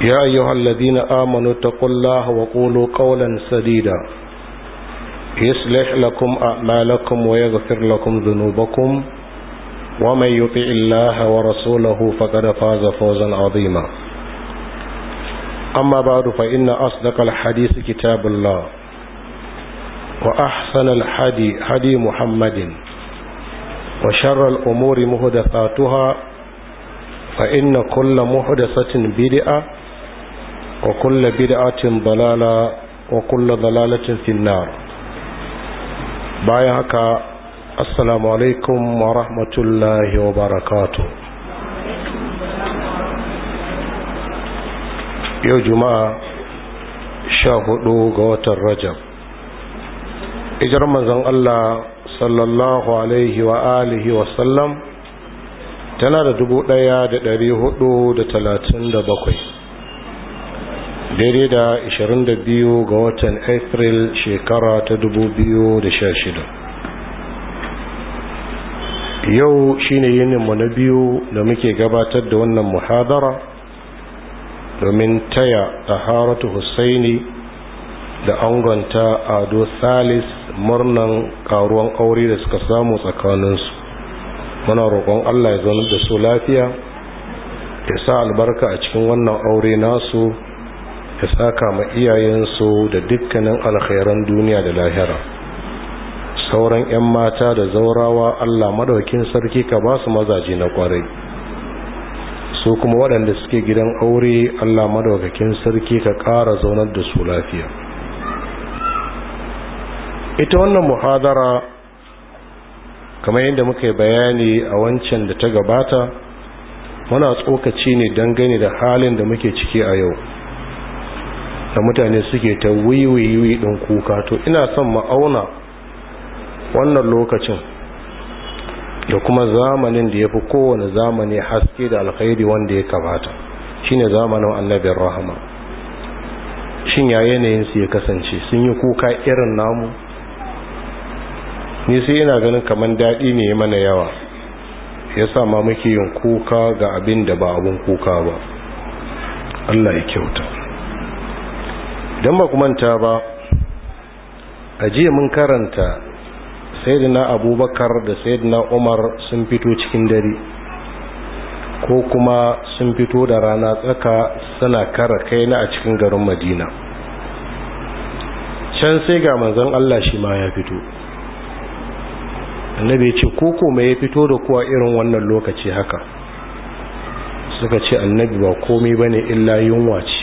يا أيها الذين آمنوا اتقوا الله وقولوا قولا سديدا يصلح لكم أعمالكم ويغفر لكم ذنوبكم ومن يطع الله ورسوله فقد فاز فوزا عظيما أما بعد فإن أصدق الحديث كتاب الله وأحسن الحدي حدي محمد وشر الأمور مهدثاتها فإن كل مهدثة بدئة وكل بدعة ضلالة وكل ضلالة في النار بايعك السلام عليكم ورحمة الله وبركاته يو جماعة شاهدوا قوة الرجب إجر من الله صلى الله عليه وآله وسلم tana da dubu ɗaya da ɗari hudu da daidai da 22 ga watan april shekara ta 2016 yau shine yininmu na biyu da muke gabatar da wannan muhadara domin taya taharatu husaini da angonta ado salis murnan karuwan aure da suka samu tsakaninsu muna roƙon allah ya zaunar da su lafiya ya sa albarka a cikin wannan aure nasu ya saka ma iyayensu da dukkanin alkhairan duniya da lahira sauran 'yan mata da zaurawa allah madaukin sarki ka ba su mazaje na kwarai su kuma waɗanda suke gidan aure allah madaukakin sarki ka ƙara zaunar da su lafiya ita wannan muhadara kamar yadda muka bayani a wancan da ta gabata muna tsokaci ne dangane da halin da muke ciki a yau da mutane suke ta wiwiwi ɗin kuka to ina son ma'auna wannan lokacin da kuma zamanin da ya fi kowane zamani haske da alkhairi wanda ya kamata shine zamanin annabin rahama shin ya su ya kasance sun yi kuka irin namu ni sai yana ganin kamar daɗi ne mana yawa ya sa ma muke yin kuka ga abin da ba abin kuka ba Allah ya kyauta idan ba ku manta ba a jiya mun karanta na abubakar da na umar sun fito cikin dare ko kuma sun fito da rana tsaka suna kara kai na a cikin garin madina can sai ga manzon allah shi ma ya fito annabi ya ce ko kuma ya fito da kuwa irin wannan lokaci haka suka ce annabi ba komai bane illa yunwa ce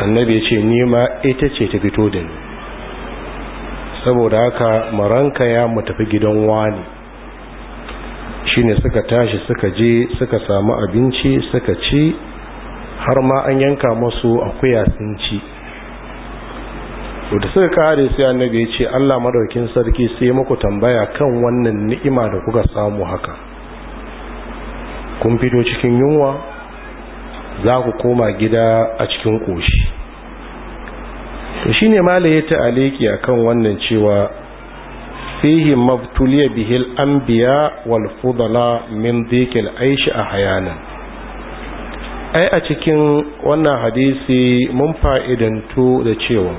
annabi ya ce nima ita ce ta fito da ni saboda haka maranka ya mu tafi gidan wani shine suka tashi suka je suka samu abinci suka ci har ma an yanka masu akuya sun ci da suka kare sai annabi ya ce Allah madaukin sarki sai muku tambaya kan wannan ni'ima da kuka samu haka kun fito cikin yunwa za ku koma gida a cikin ƙoshi. to shine malai ya a kan wannan cewa fihi mabtuliya bihil anbiya wal fudala min dhikil aishi a hayanan ai a cikin wannan hadisi mun fa'idantu da cewa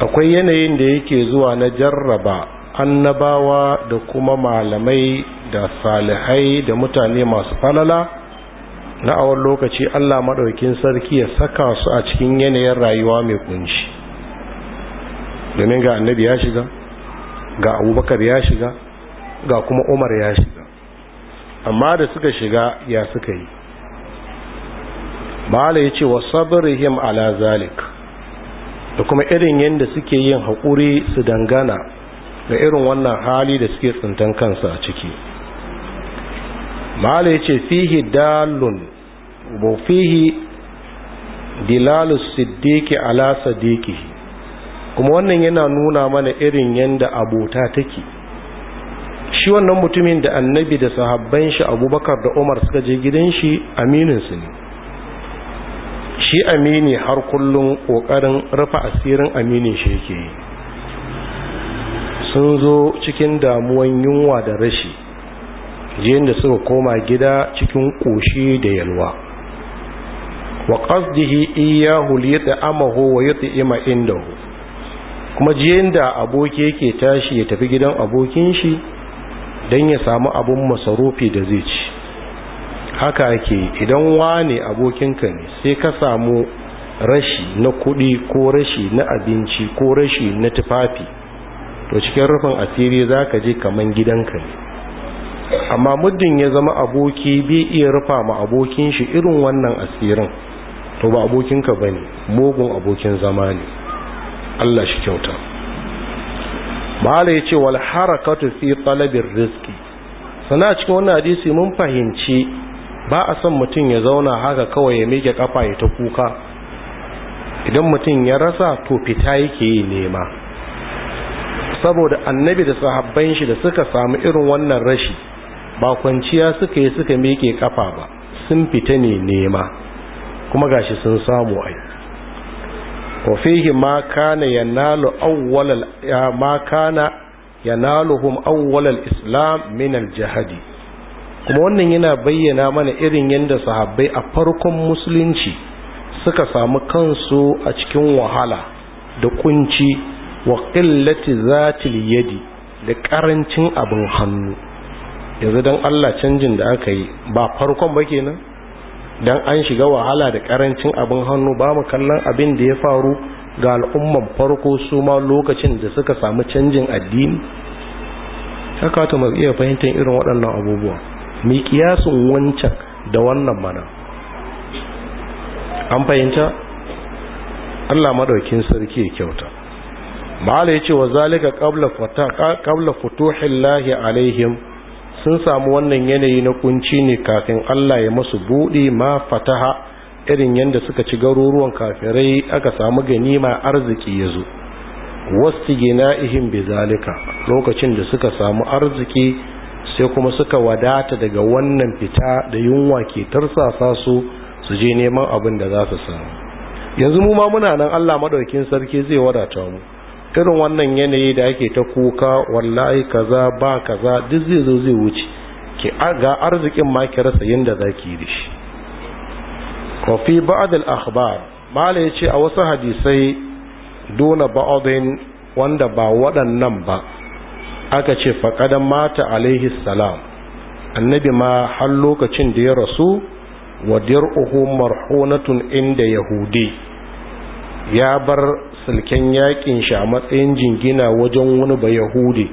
akwai yanayin da yake zuwa na jarraba annabawa da kuma malamai da salihai da mutane masu falala na awon lokaci Allah maɗaukin sarki ya saka su a cikin yanayin rayuwa mai kunshi domin ga annabi ya shiga ga abubakar ya shiga ga kuma umar ya shiga amma da suka shiga ya suka yi bala ya ce wa sabirihim ala zalik da kuma irin yadda suke yin haƙuri su dangana ga irin wannan hali da suke tsintan kansa a ciki mala ya ce fihi dalun fihi dilalu siddiqi ala sadiqihi kuma wannan yana nuna mana irin yanda abota take shi wannan mutumin da annabi da sahabban shi abubakar da umar suka je gidan shi amininsu ne shi amini har kullum kokarin rufe asirin aminin shi yake yi sun zo cikin damuwan yunwa da rashi jiyan da suka koma gida cikin koshi da yalwa wa qasdihi iyyahu li yata'amahu wa ima indahu kuma jiyan da aboki yake tashi ya tafi gidan abokin shi dan ya samu abun masarufi da zai ci haka ake idan wane abokinka ne sai ka samu rashi na kuɗi ko rashi na abinci ko rashi na tufafi to cikin rufin asiri za ka je kaman gidanka ne amma muddin ya zama aboki bai iya rufa ma abokin shi irin wannan asirin to ba abokinka ba ne mugun abokin zama ne Allah shi kyauta ma'ala ya ce wal harakatu fi talabin riski sana cikin wannan hadisi mun fahimci ba a son mutum ya zauna haka kawai ya mike kafa ya ta kuka idan mutum ya rasa to fita yake yi nema saboda annabi da sahabban shi da suka samu irin wannan rashi ba kwanciya suka yi suka miƙe kafa ba sun fita ne nema kuma gashi sun samu ai wa fihi ma kana yanalu awwal ma kana yanaluhum awwal al-islam min al-jihadi kuma wannan yana bayyana mana irin yadda sahabbai a farkon musulunci suka samu kansu a cikin wahala da kunci wa qillati zatil yadi da karancin abin hannu yanzu dan Allah canjin da aka yi ba farkon ba kenan don an shiga wahala da karancin abin hannu ba mu kallon abin da ya faru ga al'umman farko su ma lokacin da suka samu canjin addini haka ta mu iya fahimtar irin waɗannan abubuwa mi kiyasin wancan da wannan mana an fahimta Allah madaukin sarki ya kyauta mala yace wa zalika qabla fata qabla futuhillahi alaihim sun samu wannan yanayi na kunci ne kafin Allah ya masu buɗe ma fataha irin yadda suka ci garuruwan kafirai aka samu ganima arziki ya zo wasu lokacin da suka samu arziki sai kuma suka wadata daga wannan fita da yunwa ke tarsasa su su je neman abin da za su samu yanzu mu ma muna nan Allah madaukin sarki zai wadata mu irin wannan yanayi da ake ta kuka wallahi kaza ba kaza duk zai zo zai wuce ki ga arzikin ma ki rasa yanda zaki yi dashi wa fi ba'd al akhbar mala yace a wasu hadisai dona ba'adin wanda ba waɗannan ba aka ce faqad mata alaihi salam annabi ma har lokacin da ya rasu wa dir'uhu marhunatun inda yahudi ya bar sulken yakin shi a matsayin jingina wajen wani ba yahudi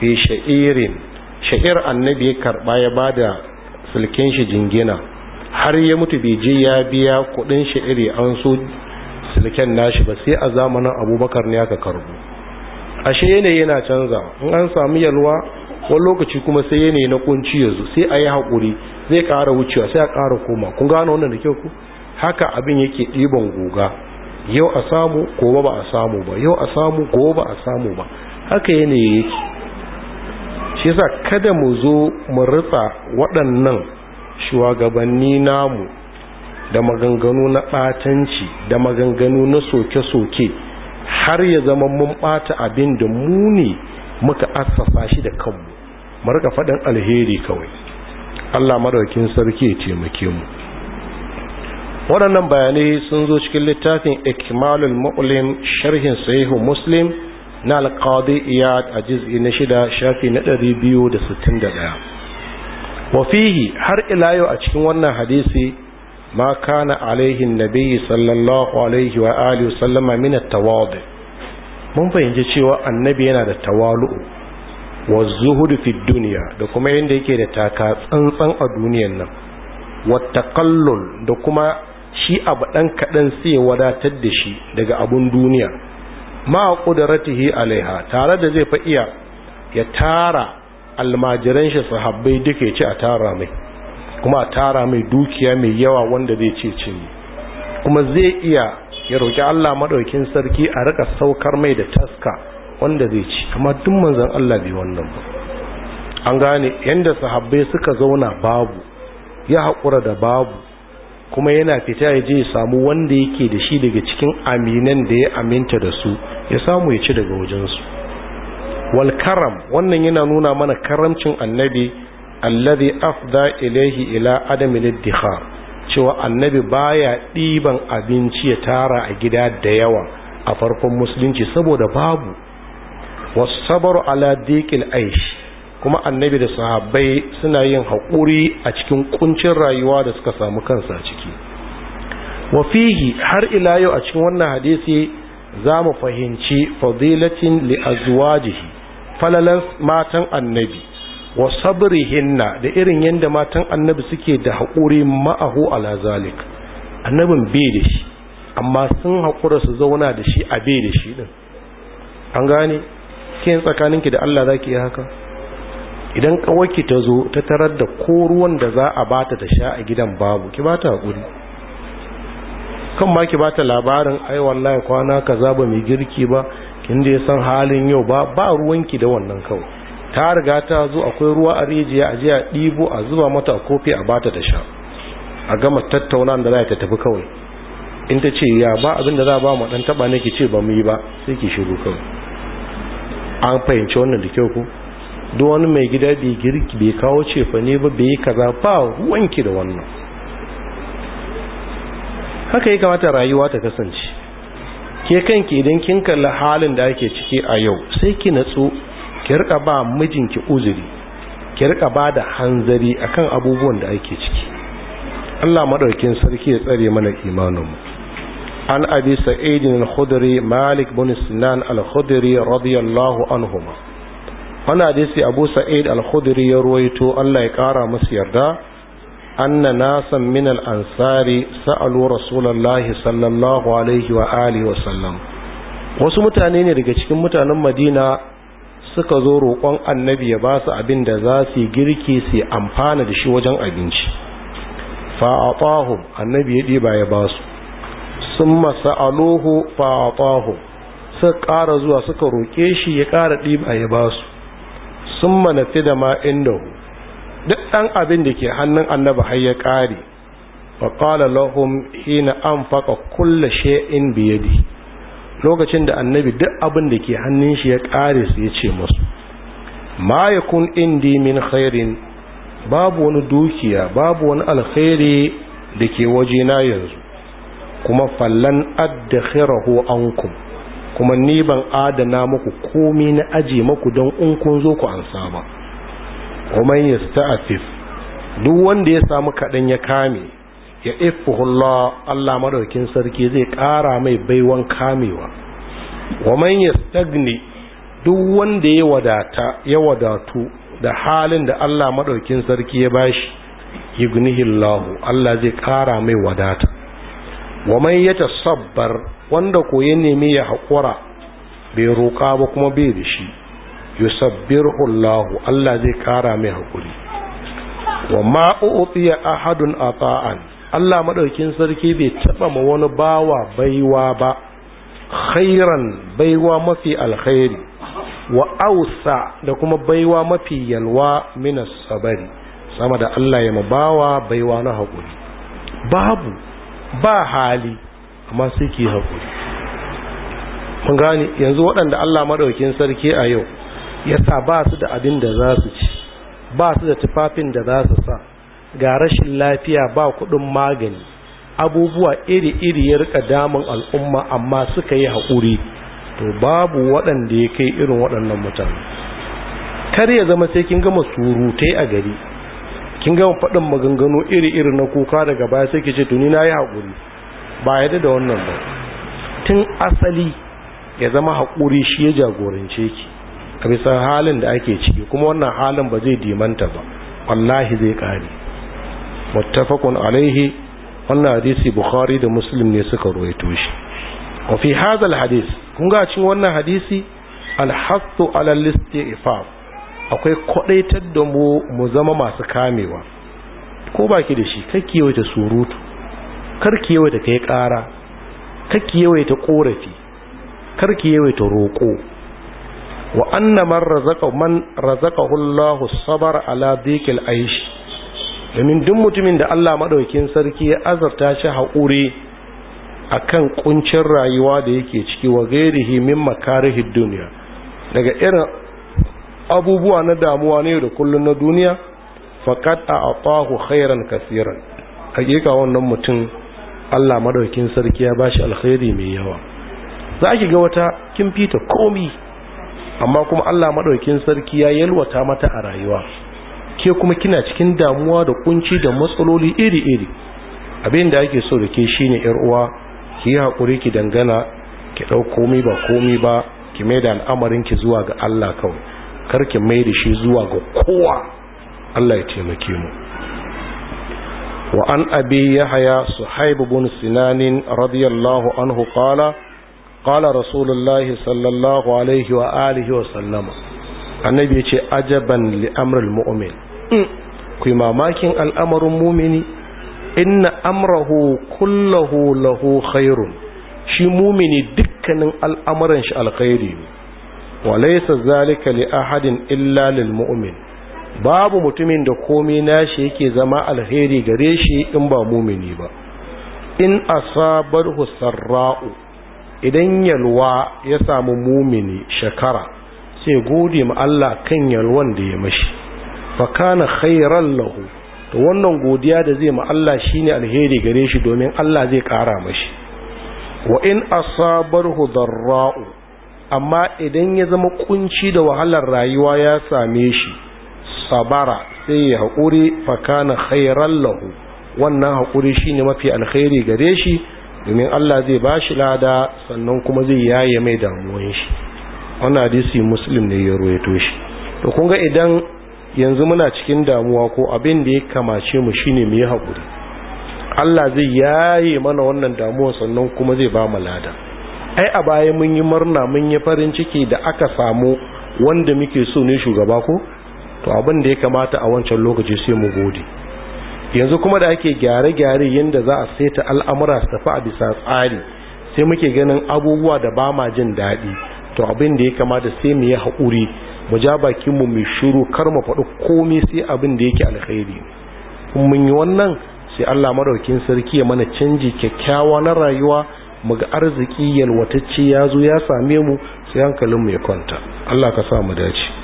fi sha'irin sha'ir annabi ya karba ya bada sulken shi jingina har ya mutu bai je ya biya kudin sha'iri an so sulken nashi ba sai a zamanin abubakar ne aka karbo ashe yanayi yana canza in an samu yalwa wani lokaci kuma sai yanayi na kunci yanzu sai a yi hakuri zai ƙara wucewa sai a ƙara koma kun gano wannan da kyau ku haka abin yake ɗiban goga yau a samu ko ba a samu ba yau a samu ko ba a samu ba haka yanayi yake shi yasa kada mu zo mu ritsa waɗannan shugabanni namu da maganganu na ɓatanci da maganganu na soke-soke har ya zama mun ɓata abin da mu ne muka assasa shi da kanmu mu rika faɗin alheri kawai Allah madaukin sarki ya taimake mu waɗannan bayanai sun zo cikin littafin ikmalul mu'lim sharhin sahihu muslim na alqadi iyad a juz'i na shida shafi na biyu da sittin da wa fihi har ila yau a cikin wannan hadisi ma kana alaihi nabiyyi sallallahu alaihi wa alihi wa sallama min at mun fahimci cewa annabi yana da tawalu'u wa zuhudu fi dunya da kuma yadda yake da taka tsantsan a duniyar nan watakallul da kuma shi abu ɗan kaɗan sai wadatar da shi daga abun duniya ma ƙudaratihi alaiha tare da zai fa'iya ya tara almajiran shi sahabbai duka ya ce a tara mai kuma a tara mai dukiya mai yawa wanda zai ce cinye kuma zai iya ya roƙi Allah maɗaukin sarki a rika saukar mai da taska wanda zai ci amma duk manzan Allah bai wannan ba an gane yanda sahabbai suka zauna babu ya haƙura da babu kuma yana fita ya je ya samu wanda yake da shi daga cikin aminan da ya aminta da su ya samu ya ci daga wajensu wal karam wannan yana nuna mana karamcin annabi alladhi afda ilaihi ila adam al-iddihar cewa annabi baya diban abinci ya tara a gida da yawa a farkon musulunci saboda babu was sabr ala dikil aish kuma annabi da sahabbai suna yin haƙuri a cikin ƙuncin rayuwa da suka samu kansa ciki wafihi har ila yau a cikin wannan hadisi za mu fahimci fadilatin li azwajihi falalan matan annabi wa sabrihinna da irin yadda matan annabi suke da haƙuri ma'ahu ala zalik annabin bai da shi amma sun haƙura su zauna da shi a bai da shi din an gane kin tsakaninki da Allah zaki yi haka idan kawaki ta zo ta tarar da ko ruwan da za a bata ta sha a gidan babu ki bata hakuri kan ma ki bata labarin ai wallahi kwana kaza ba mai girki ba kin da san halin yau ba ba ruwanki da wannan kawai ta riga ta zo akwai ruwa a rijiya a jiya a ɗibo a zuba mata a kofi a bata ta sha a gama tattauna da za ta tafi kawai in ta ce ya ba abin da za ba mu dan taba ne ki ce ba mu yi ba sai ki shiru kawai an fahimci wannan da kyau ko duk wani mai gida bai girki bai kawo cefa ne ba bai yi kaza ba wanki da wannan haka ya kamata rayuwa ta kasance ke kanki idan kin kalla halin da ake ciki a yau sai ki natsu ki rika ba mijinki uzuri ki rika ba da hanzari akan abubuwan da ake ciki Allah madaukin sarki ya tsare mana imaninmu an abi sa'idin al-khudri malik bin sinan al-khudri radiyallahu anhuma wani hadisi abu sa'id al-khudri ya ruwaito Allah ya kara musu yarda anna nasan min al-ansari sa'alu rasulullahi sallallahu alaihi wa alihi wa sallam wasu mutane ne daga cikin mutanen Madina suka zo roƙon annabi ya ba su abin da za su girki su amfana da shi wajen abinci fa'atahum annabi ya diba ya ba su sun masa'aluhu fa'atahum suka ƙara zuwa suka roƙe shi ya ƙara ɗiba ya ba su sun manafi da ma'in da duk ɗan abin da ke hannun annabi har ya ƙare wa ƙala lahum hina an faƙa kulla shay'in biyadi lokacin da annabi duk abin da ke hannun shi ya ƙare su ya ce musu ma kun indi min khairin babu wani dukiya babu wani alkhairi da ke waje na yanzu kuma fallan addakhirahu ankum kuma ni ban adana muku komai na aje muku don in kun zo ku ansa ba kuma yasta'fif duk wanda ya samu kadan ya kame ya ifuhullah Allah madaukin sarki zai ƙara mai baiwan kamewa wa man yastagni duk wanda ya wadata ya wadatu da halin da Allah madaukin sarki ya bashi yughnihillahu Allah zai ƙara mai wadata wa man yatasabbar wanda ko ya nemi ya haƙura bai roƙa ba kuma bai da shi yusabbihu Allah Allah zai ƙara mai haƙuri wa ma ahadun ata'an Allah maɗaukin sarki bai taɓa ma wani bawa baiwa ba khairan baiwa mafi alkhairi wa ausa da kuma baiwa mafi yalwa min sabari sama da Allah ya ma bawa baiwa na haƙuri babu ba hali amma sai ki haƙuri mun gane yanzu waɗanda Allah maɗaukin sarki a yau ya sa ba su da abin da za su ci ba su da tufafin da za su sa ga rashin lafiya ba kuɗin magani abubuwa iri-iri ya rika damun al'umma amma suka yi haƙuri to babu waɗanda ya kai irin waɗannan mutane kar ya zama sai kin gama surutai a gari kin gama faɗin maganganu iri-iri na kuka daga baya sai ke ce tuni na yi hakuri. ba yadda da wannan ba tun asali ya zama haƙuri shi ya jagorance ki a bisa halin da ake ciki kuma wannan halin ba zai dimanta ba wallahi zai ƙare muttafaqun alaihi wannan hadisi bukhari da muslim ne suka ruwaito shi wa fi hadha hadis kun ga cin wannan hadisi alhasu ala listighfar akwai kwadaitar da mu mu zama masu kamewa ko baki da shi kake ta surutu karki yawaita kai ƙara karki yawaita ƙorafi karki yawaita roƙo wa anna man razaqa man razaqahu Allahu sabar ala dhikil aish domin duk mutumin da Allah maɗaukin sarki ya azarta shi haƙuri akan ƙuncin rayuwa da yake ciki wa gairihi min makarihid dunya daga irin abubuwa na damuwa ne da kullun na duniya a a'tahu khairan kaseeran hakika wannan mutum Allah madaukin sarki ya bashi alkhairi mai yawa za ki ga wata kin fita komi amma kuma Allah madaukin sarki ya yalwata mata a rayuwa ke kuma kina cikin damuwa da kunci da matsaloli iri-iri abin da ake so da ke shine yar uwa ki yi hakuri ki dangana ki dau komi ba komi ba ki mai da al'amarin ki zuwa ga Allah kawai kar ki mai da shi zuwa ga kowa Allah ya taimake mu Wa an يحيى صحيب بن سنان رضي الله عنه قال قال رسول الله صلى الله عليه وآله وسلم annabi ya ce ajaban li'amrul mu'min ku mamakin al'amarin mumini inna amrahu kullahu lahu khairun shi mumini dukkanin al'amuran shi alkhairi ne wa laysa zalika li ahadin illa lil mu'min babu mutumin da komai nashi yake zama alheri gare shi in ba mumini ba in asabarhu sarra'u idan yalwa ya samu mumini shakara sai gode ma Allah kan yalwan da ya mashi fa kana khairan lahu to wannan godiya da zai ma Allah shine alheri gare shi domin Allah zai kara mashi wa in asabarhu darra'u amma idan ya zama kunci da wahalar rayuwa ya same shi sabara sai ya haƙuri fakana khairan lahu wannan hakuri shine mafi alkhairi gare shi domin Allah zai ba shi lada sannan kuma zai yaye mai damuwan shi wannan hadisi muslim ne ya ruwaito shi to kun ga idan yanzu muna cikin damuwa ko abin da ya kamace mu shine mu yi haƙuri Allah zai yaye mana wannan damuwa sannan kuma zai ba mu lada ai a baya mun yi murna mun yi farin ciki da aka samu wanda muke so ne shugaba ko to abin da ya kamata a wancan lokaci sai mu gode yanzu kuma da ake gyare-gyare yadda za a saita al'amura su tafi a bisa tsari sai muke ganin abubuwa da ba ma jin daɗi to abin da ya kamata sai mu yi haƙuri mu ja bakinmu mai shiru kar mu faɗi komai sai abin da yake alkhairi in mun yi wannan sai Allah madaukin sarki ya mana canji kyakkyawa na rayuwa mu ga arziki yalwatacce ya zo ya same mu sai hankalinmu ya kwanta Allah ka sa mu dace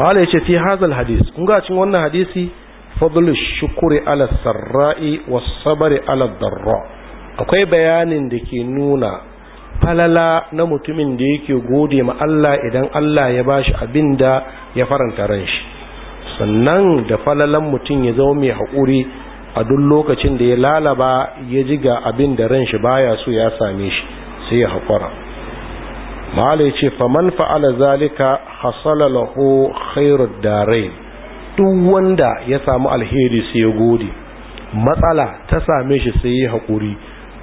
mahala ce fi hazal hadis kun ga cin wannan hadisi fadlu shukuri ala sarra'i wa sabari ala darra akwai bayanin da ke nuna falala na mutumin da yake gode ma Allah idan Allah ya bashi abin da ya faranta ran shi sannan da falalan mutum ya zama mai haƙuri a duk lokacin da ya lalaba ya ji ga abin da ran shi baya so ya same shi sai ya haƙura mahala ya ce faman fa'ala zalika hasala lahu khairud duk wanda ya samu alheri sai ya gode matsala ta same shi sai ya hakuri,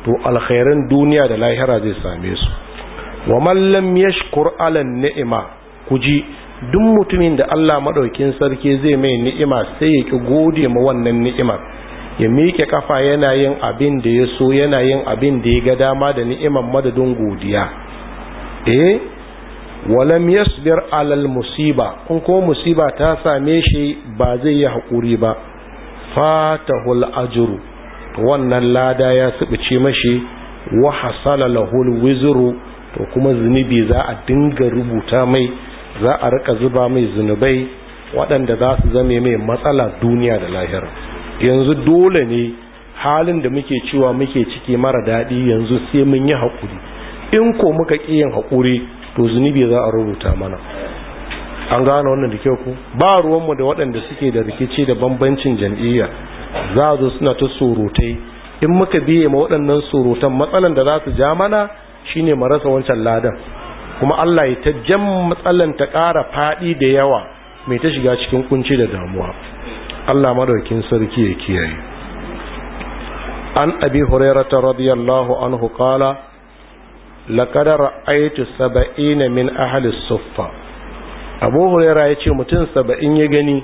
to alkhairan duniya da lahira zai same su wa man lam yashkur ala ni'ima kuji duk mutumin da Allah madaukin sarki zai mai ni'ima sai ya ki gode ma wannan ni'imar ya miƙe kafa yana yin abin da ya so yana yin abin da ya ga dama da ni'imar madadin godiya eh walam yasbir alal musiba in ko musiba ta same shi ba zai yi haƙuri ba fatahul ajru wannan lada ya subuce mashi wa hasala lahul wizru to kuma zunubi za a dinga rubuta mai za a rika zuba mai zunubai waɗanda za su zame mai matsala duniya da lahira yanzu dole ne halin da muke cewa muke ciki mara daɗi yanzu sai mun yi haƙuri in ko muka yin hakuri to zunubi za a rubuta mana an gane wannan da kyau ku ba ruwanmu da waɗanda suke da rikici da bambancin jam'iyya za a zo suna ta surutai in muka biye ma waɗannan surutan matsalan da za su ja mana shine mu rasa wancan ladan kuma Allah ya ta jan matsalan ta ƙara faɗi da yawa mai ta shiga cikin kunci da damuwa Allah madaukin sarki ya kiyaye an abi hurairata radiyallahu anhu qala laqad ra'aytu saba'ina min ahli suffa Abu Hurairah yace mutum 70 ya gani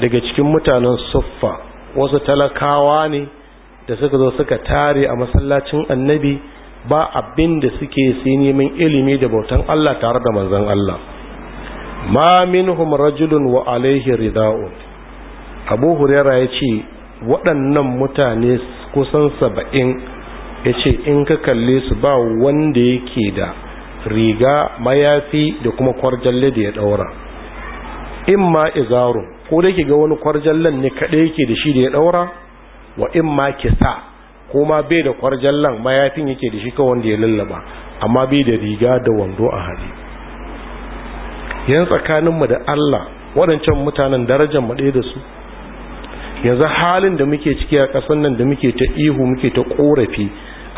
daga cikin mutanen suffa wasu talakawa ne da suka zo suka tare a masallacin annabi ba abin da suke sai neman ilimi da bautan Allah tare da manzon Allah ma minhum rajulun wa alaihi ridao Abu Hurairah yace waɗannan mutane kusan saba'in ya ce in ka kalle su ba wanda yake da riga mayafi da kuma kwarjalle da ya daura in ma izarun ko da ke ga wani kwarjallen ne kaɗai yake da shi da ya daura wa in ma kisa ko ma bai da kwarjallen mayafin yake da shi kawai wanda ya lallaba amma bai da riga da wando a hali yan tsakaninmu da Allah waɗancan mutanen darajar mu ɗaya da su yanzu halin da muke ciki a ƙasar nan da muke ta ihu muke ta ƙorafi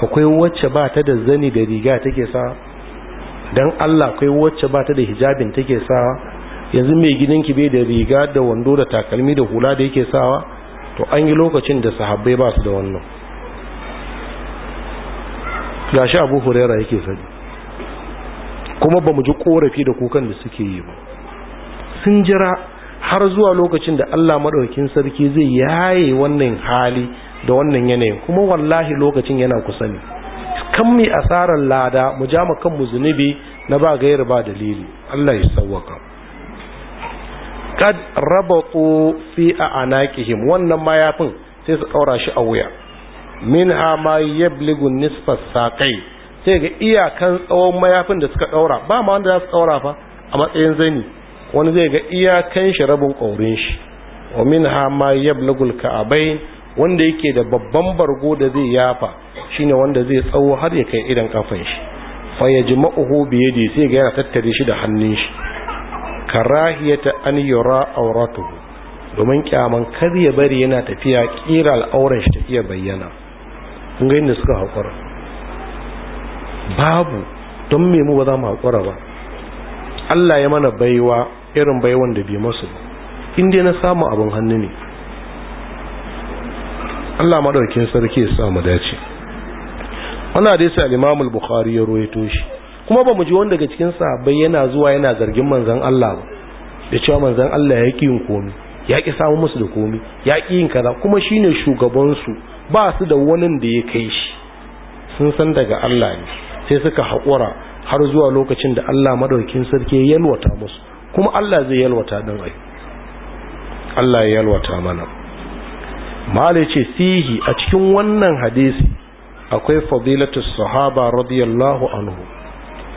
akwai wacce ba ta da zani da riga take sa dan Allah akwai wacce ba ta da hijabin take sa yanzu mai gidanki bai da riga da wando da takalmi da hula da yake sawa to an yi lokacin da sahabbai ba su da wannan gashi abu huraira yake sani kuma ba mu ji korafi da kukan da suke yi ba sun jira har zuwa lokacin da Allah maɗaukin sarki zai yaye wannan hali da wannan yanayin kuma wallahi lokacin yana kusa ne kan mi asarar lada mu ja mu kanmu zunubi na ba gayar ba dalili Allah ya sawwaka kad rabaqu fi anaqihim wannan mayafin sai su kaura shi a wuya minha ma yablighu nisfa saqai sai ga iyakan tsawon mayafin da suka daura ba ma wanda za su daura fa a matsayin zani wani zai ga iyakan shi rabin kaurin shi wa minha ma yablighu al wanda yake da babban bargo da zai yafa shine wanda zai tsawo har ya kai idan kafan shi fa yajma'uhu bi yadi sai ga yana tattare shi da hannun shi karahiyata an yura auratuhu domin kyaman kar ya bari yana tafiya kira al'auran shi ta bayyana kun ga inda suka haƙura babu don me mu ba za mu haƙura ba Allah ya mana baiwa irin baiwan da bai masu in dai na samu abin hannu ne Allah madaukakin sarki ya sa mu dace wannan hadisi al-Imam al-Bukhari ya rawaito shi kuma ba mu ji wanda daga cikin sahabbai yana zuwa yana zargin manzon Allah ba da cewa manzon Allah ya ki yin komi? ya ki samu musu da komi? ya ki yin kaza kuma shine shugaban su ba su da wani da ya kai shi sun san daga Allah ne sai suka haƙura har zuwa lokacin da Allah madaukakin sarki ya yalwata musu kuma Allah zai yalwata din ai Allah ya yalwata mana malai ce sihi a cikin wannan hadisi akwai fadilatu sahaba radiyallahu anhu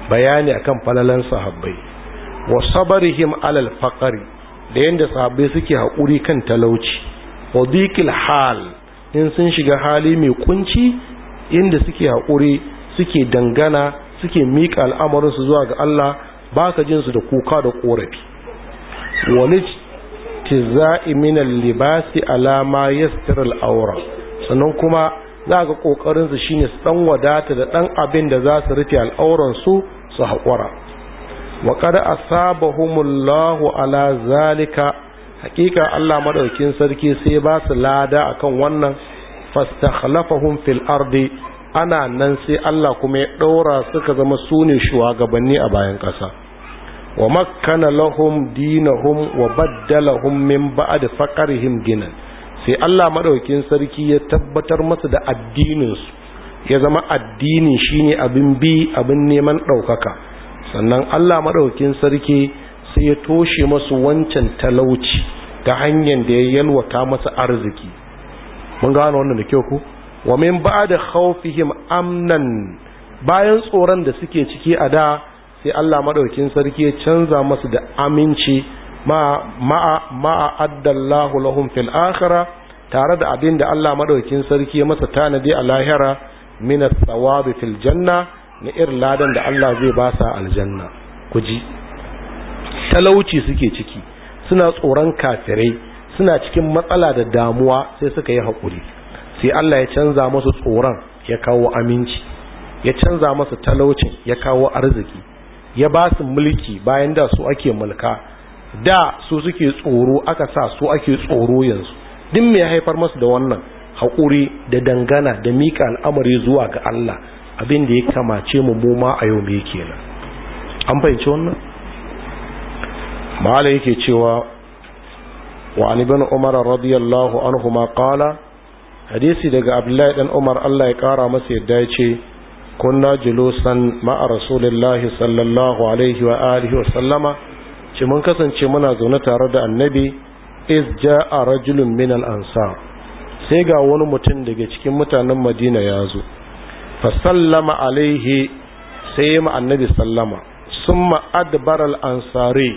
bayani akan falalan sahabbai wa sabarihim alal faqari da yanda sahabbai suke haƙuri kan talauci wa dhikil hal in sun shiga hali mai kunci inda suke haƙuri suke dangana suke miƙa al'amarinsu zuwa ga Allah ba jin su da kuka da ƙorafi wani listiza'i min libasi ala ma yastir al-awra sannan kuma za ga kokarin su shine su dan wadata da dan abin da za su rufe al'auran su su haƙura wa qad asabahumullahu ala zalika hakika Allah madaukin sarki sai ba su lada akan wannan fastakhlafahum fil ardi ana nan sai Allah kuma ya daura suka zama sune shugabanni a bayan ƙasa wa makkana lahum dinahum wa baddalahum min ba'd faqrihim ginan sai Allah madaukin sarki ya tabbatar masa da addinin su ya zama addini shine abin bi abin neman daukaka sannan Allah madaukin sarki sai ya toshe masu wancan talauci ta hanyar da ya yalwata masa arziki mun gano wannan da kyau ku wa min ba'd khawfihim amnan bayan tsoron da suke ciki a da sai Allah maɗaukin sarki ya canza masu da aminci ma'a ma'a addallahu lahum fil akhirah tare da abin da Allah maɗaukin sarki ya masa tanadi a lahira min as fil janna na irin ladan da Allah zai ba sa aljanna ku talauci suke ciki suna tsoron kafirai suna cikin matsala da damuwa sai suka yi haƙuri sai Allah ya canza masu tsoron ya kawo aminci ya canza masu talaucin ya kawo arziki ya ba su mulki bayan da su ake mulka da su suke tsoro aka sa su ake tsoro yanzu din mai haifar masu da wannan haƙuri da dangana da miƙa al'amari zuwa ga Allah abin da ya kamace mu mu ma a yau me kenan an fahimci wannan mala yake cewa wa an ibn umar radiyallahu anhu ma qala hadisi daga abdullahi dan umar Allah ya kara masa yadda ya ce كنا جلوسا مع رسول sallallahu alaihi wa عليه wa sallama ce mun kasance muna zaune tare da annabi iz ja'a rajulun min al sai ga wani mutum daga cikin mutanen Madina ya zo fa sallama alaihi sai ma annabi sallama summa adbar al-ansari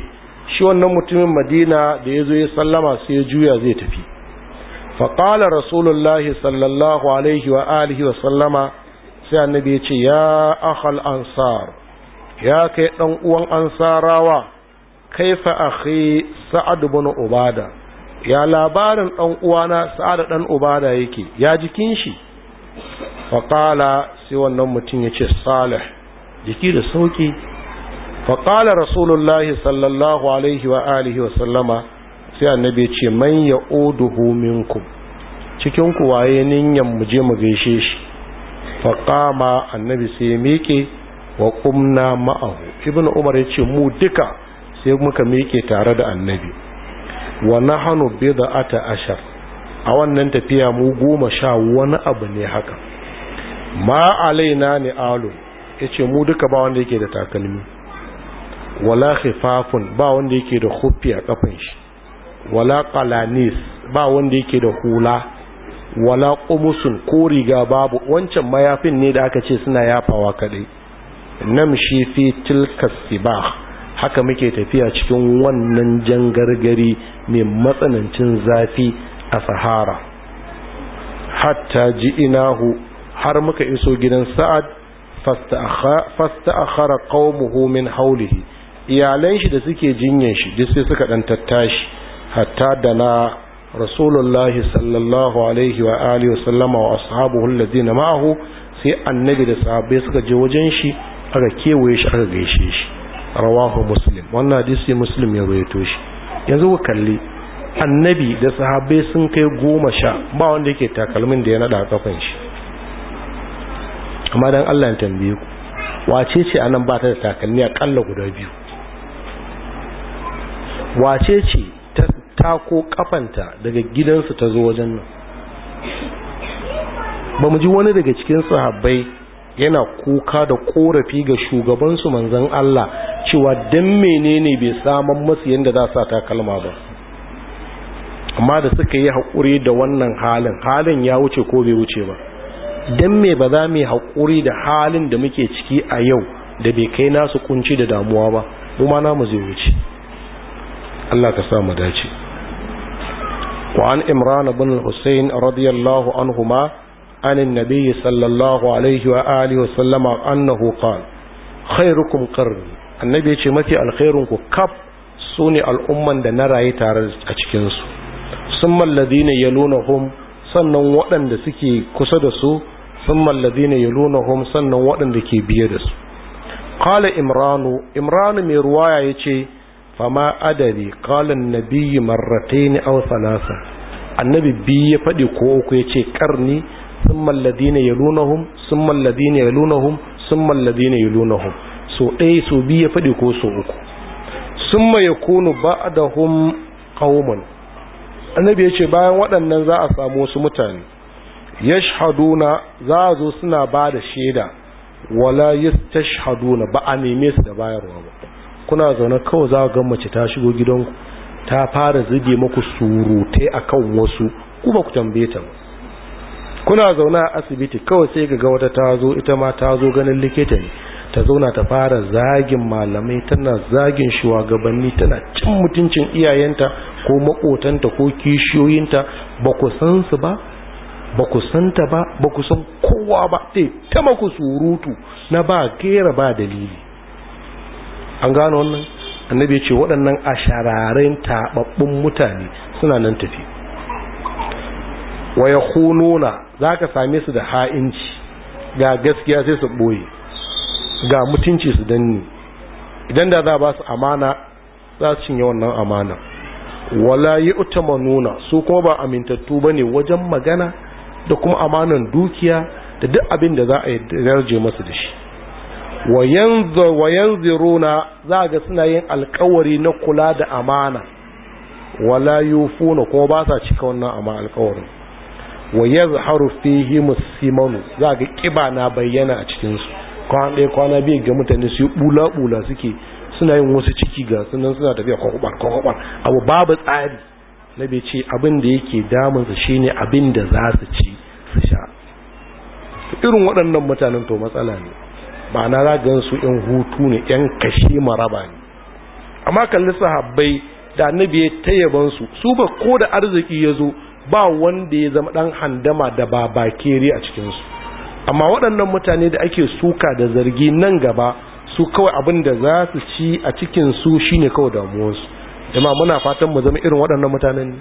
shi wannan mutumin Madina da ya zo ya sallama sai juya zai tafi fa qala rasulullahi sallallahu alaihi wa alihi wa sallama sai annabi ya ce ya akhal ansar ya kai dan uwan ansarawa kaifa akhi sa'ad ibn ubada ya labarin dan uwana sa'ad dan ubada yake ya jikin shi fa qala sai wannan mutum ya salih jiki da sauki fa qala rasulullahi sallallahu alaihi wa alihi wa sallama sai annabi ya ce man ya'uduhu minkum cikin ku waye ninyan muje mu gaishe shi faƙama annabi sai miƙe wa ƙumna ma'ahu ibn umar ya ce mu duka sai muka miƙe tare da annabi wa na hannu ata ashar a wannan tafiya mu goma sha wani abu ne haka ma alaina ne alu ya ce mu duka ba wanda yake da takalmi wala khifafun ba wanda yake da hufi a kafin shi wala qalanis ba wanda yake da hula wala qumusun ko riga babu wancan mayafin ne da aka ce suna yafawa kadai namshi fi tilka sibah haka muke tafiya cikin wannan jan jangargari mai matsanancin zafi a sahara hatta ji inahu har muka iso gidan sa'ad fasta akhara qaumuhu min haulihi iyalan shi da suke jinyan shi duk sai suka dan tattashi hatta da na rasulullahi sallallahu alaihi wa alihi wasallama wa ashabuhu alladhina ma'ahu sai annabi da sahabbai suka je wajen shi aka kewaye shi aka gaishe shi rawahu muslim wannan hadisi muslim ya rawaito shi yanzu ku kalli annabi da sahabai sun kai goma sha ba wanda yake takalmin da ya nada kafan shi amma dan Allah ya tambaye ku wace anan ba ta da takalmi akalla guda biyu wacece. tako kafanta daga gidansu ta zo wajen nan ba mu ji wani daga cikin sahabbai yana kuka da korafi ga shugabansu manzan Allah cewa dan menene bai saman masu yadda za sa takalma ba amma da suka yi hakuri da wannan halin halin ya wuce ko bai wuce ba dan me ba za mu yi haƙuri da halin da muke ciki a yau da bai kai nasu kunci da damuwa ba mu ma namu zai wuce Allah ka sa mu dace وعن إمران بن الحسين رضي الله عنهما عن النبي صلى الله عليه وآله وسلم أنه قال خيركم قرن النبي يقول متي كب سوني الأمة da na rayu tare a cikinsu sun mallazi ne ya luna sannan waɗanda suke kusa da su sun mallazi ne ya luna hom sannan waɗanda ke biye da su kala imranu imranu mai ruwaya ya ce fama adari kalan nabiyyi marratai ne au salasa annabi biyu ya faɗi ko uku ya ce ƙarni sun malladi ne ya lunahun sun malladi ne ya sun ne ya so ɗaya so biyu ya faɗi ko so uku sun ma ya kunu ba da hun annabi ya ce bayan waɗannan za a samu wasu mutane yashhaduna za a zo suna ba da shaida wala yastashhaduna ba a neme su da bayarwa ba kuna zaune kawai za ga mace ta shigo gidanku ta fara zube muku surute akan wasu ku ba ku tambaye ta ba kuna zauna a asibiti kawai sai ga wata ta zo ita ma ta zo ganin likita ne ta zauna ta fara zagin malamai tana zagin shugabanni tana cin mutuncin iyayenta ko makotanta ko kishiyoyinta ba ku san su ba ba ku san ta ba ba ku san kowa ba ta maku surutu na ba gera ba dalili an gano wannan annabi ya ce waɗannan ashararin taɓaɓɓun mutane suna nan tafi waya hunona za ka same su da ha'inci ga gaskiya sai su ɓoye ga mutunci su danni idan da za ba su amana za su cinye wannan amana wala yi nuna su kuma ba amintattu ba ne wajen magana da kuma amanan dukiya da duk abin da za a yi darje masu da shi wa yanziruna za ga suna yin alkawari na kula da amana wala na ko ba sa cika wannan amma alkawarin wa yazharu fihi musimanu za ga kiba na bayyana a cikin su kwana ɗaya kwana biyu ga mutane su bula bula suke suna yin wasu ciki ga sunan suna tafiya kwakwabar kwakwabar abu babu tsari na bai ce abin da yake shi shine abin da za su ci su sha irin waɗannan mutanen to matsala ne ma'ana za ga su yan hutu ne yan kashe maraba ne amma kalli sahabbai da annabi ya tayyaban su su ba ko da arziki ya zo ba wanda ya zama dan handama da ba a cikin su amma waɗannan mutane da ake suka da zargi nan gaba su kawai abin da za su ci a cikin su shine kawai su jama'a muna fatan mu zama irin waɗannan mutanen ne.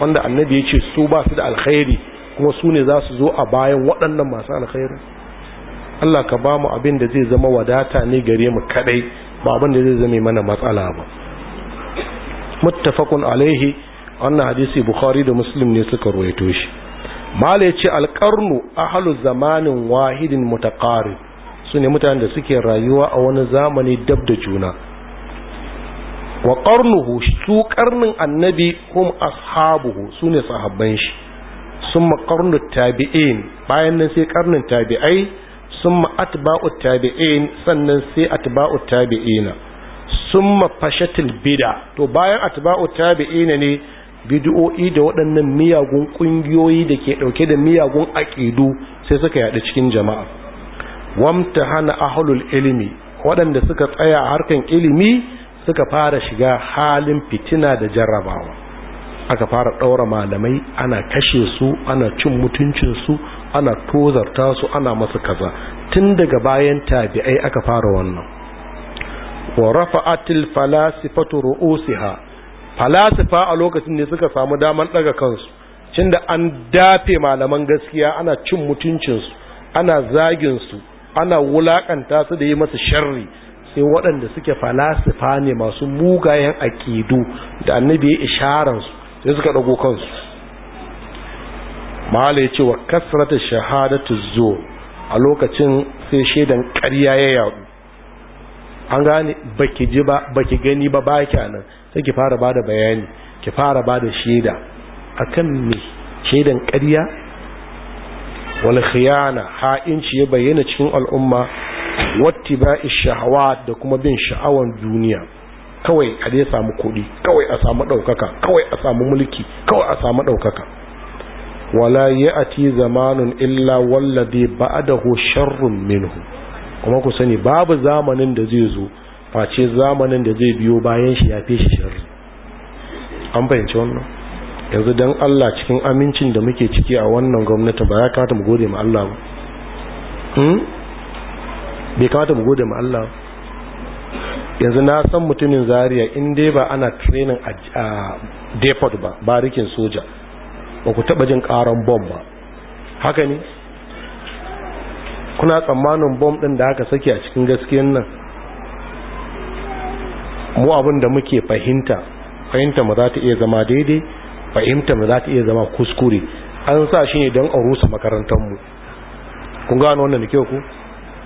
wanda annabi ya ce su ba su da alkhairi kuma su ne za su zo a bayan waɗannan masu alkhairi Allah ka ba mu abin da zai zama wadata ne gare mu kadai ba abin da zai zame mana matsala ba muttafaqun alaihi wannan hadisi bukhari da muslim ne suka ruwaito shi malai yace alqarnu ahlu zamanin wahidin mutaqarib sune mutanen da suke rayuwa a wani zamani dab da juna wa qarnuhu su qarnin annabi hum ashabuhu sune sahabban shi summa maƙarnu tabi'in bayan nan sai ƙarnin tabi'ai summa atba'u tabi'ina sannan sai atba'u tabi'ina summa fashatil bid'a to bayan atba'u tabi'ina ne bid'o'i da waɗannan miyagun ƙungiyoyi da ke ɗauke da miyagun aƙidu sai suka yaɗa cikin jama'a wamta hana ahlul ilimi waɗanda suka tsaya harkan ilimi suka fara shiga halin fitina da jarrabawa aka fara ɗaura malamai ana kashe su ana cin mutuncinsu ana tozarta su ana masu kaza tun daga bayan tabi'ai aka fara wannan wa rafa'atil falasifatu ru'usiha falasifa a lokacin ne suka samu daman daga kansu tunda an dafe malaman gaskiya ana cin mutuncinsu ana zagin su ana wulakanta su da yi masa sharri sai waɗanda suke falasifa ne masu mugayen aƙidu da annabi ya isharansu sai suka ɗago kansu mahala ya ce wa kasrata shahadatu zo a lokacin sai shaidan ƙarya ya yaɗu an gane baki ji ba baki gani ba baki nan sai ki fara bada bayani ki fara bada shaida akan me shaidan ƙarya wal khiyana ha'inci ya bayyana cikin al'umma wattiba'i shahawat da kuma bin sha'awar duniya kawai a dai samu kuɗi kawai a samu ɗaukaka kawai a samu mulki kawai a samu ɗaukaka wala ya'ti زمان illa والذي بعده شر منه kuma ku sani babu zamanin da zai zo face zamanin da zai biyo bayan shi ya fi shi an fahimci wannan yanzu dan Allah cikin amincin da muke ciki a wannan gwamnati ba ya kamata mu gode ma Allah ba hmm bai kamata mu gode ma Allah ba yanzu na san mutumin zaria in dai ba ana training a depot ba barikin soja ba ku taba jin karan bom ba haka ne kuna tsammanin bom din da aka saki a cikin gaskiyan nan mu abin da muke fahimta fahimta mu za ta iya zama daidai fahimta mu za ta iya zama kuskure an sa shi ne don a rusa makarantar mu kun gano wannan da kyau ku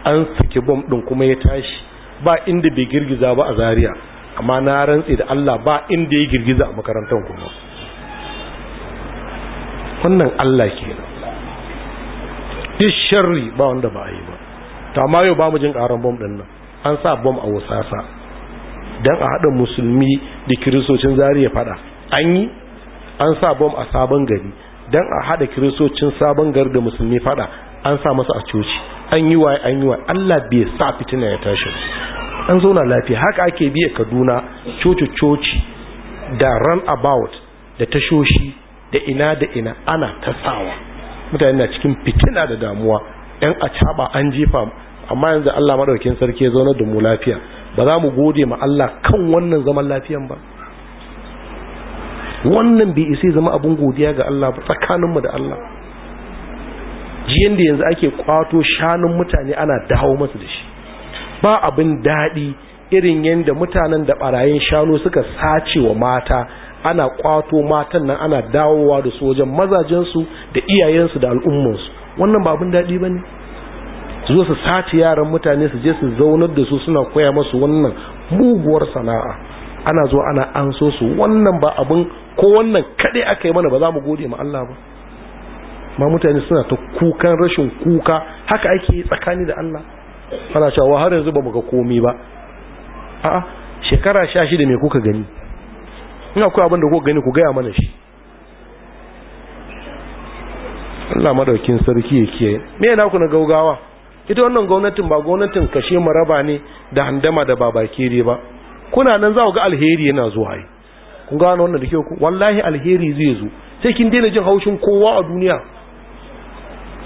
an saki bom din kuma ya tashi ba inda bai girgiza ba a Zariya amma na rantse da Allah ba inda ya girgiza a makarantar kuma wannan Allah kenan duk sharri ba wanda ba a yi ba to amma yau ba mu jin karan bom din nan an sa bom a wasasa dan a haɗa musulmi da kiristocin zariya fada an yi an sa bom a sabon gari dan a haɗa kiristocin sabon gari da musulmi fada an sa masa a coci an yi wa an yi wa Allah bai sa fitina ya tashi an zauna lafiya haka ake biya Kaduna coci coci da run about da tashoshi da ina da ina ana ta sawa mutane na cikin fitina da damuwa yan a caba an jefa amma yanzu Allah madaukin sarki ya zauna da mu lafiya ba za mu gode ma Allah kan wannan zaman lafiyan ba wannan bai isi zama abin godiya ga Allah ba tsakaninmu da Allah jiyan da yanzu ake kwato shanun mutane ana dawo masu da shi ba abin daɗi irin yadda mutanen da ɓarayin shanu suka sace wa mata ana kwato matan nan ana dawowa da su wajen mazajensu da iyayensu da al'ummansu wannan ba abin daɗi ba ne zuwa su sace yaran mutane su je su zaunar da su suna koya masu wannan muguwar sana'a ana zo ana an so su wannan ba abin ko wannan kaɗai aka yi mana ba za mu gode ma Allah ba ma mutane suna ta kukan rashin kuka haka ake yi tsakani da Allah ana cewa har yanzu ba mu ga komai ba a'a shekara 16 me kuka gani in kuwa abinda da ku gani ku gaya mana shi Allah madaukin sarki ya me yana ku na gaugawa ita wannan gwamnatin ba gwamnatin kashe maraba ne da handama da babakere ba kuna nan za ku ga alheri yana zuwa yi kun ga wannan da ke ku wallahi alheri zai zo sai kin daina jin haushin kowa a duniya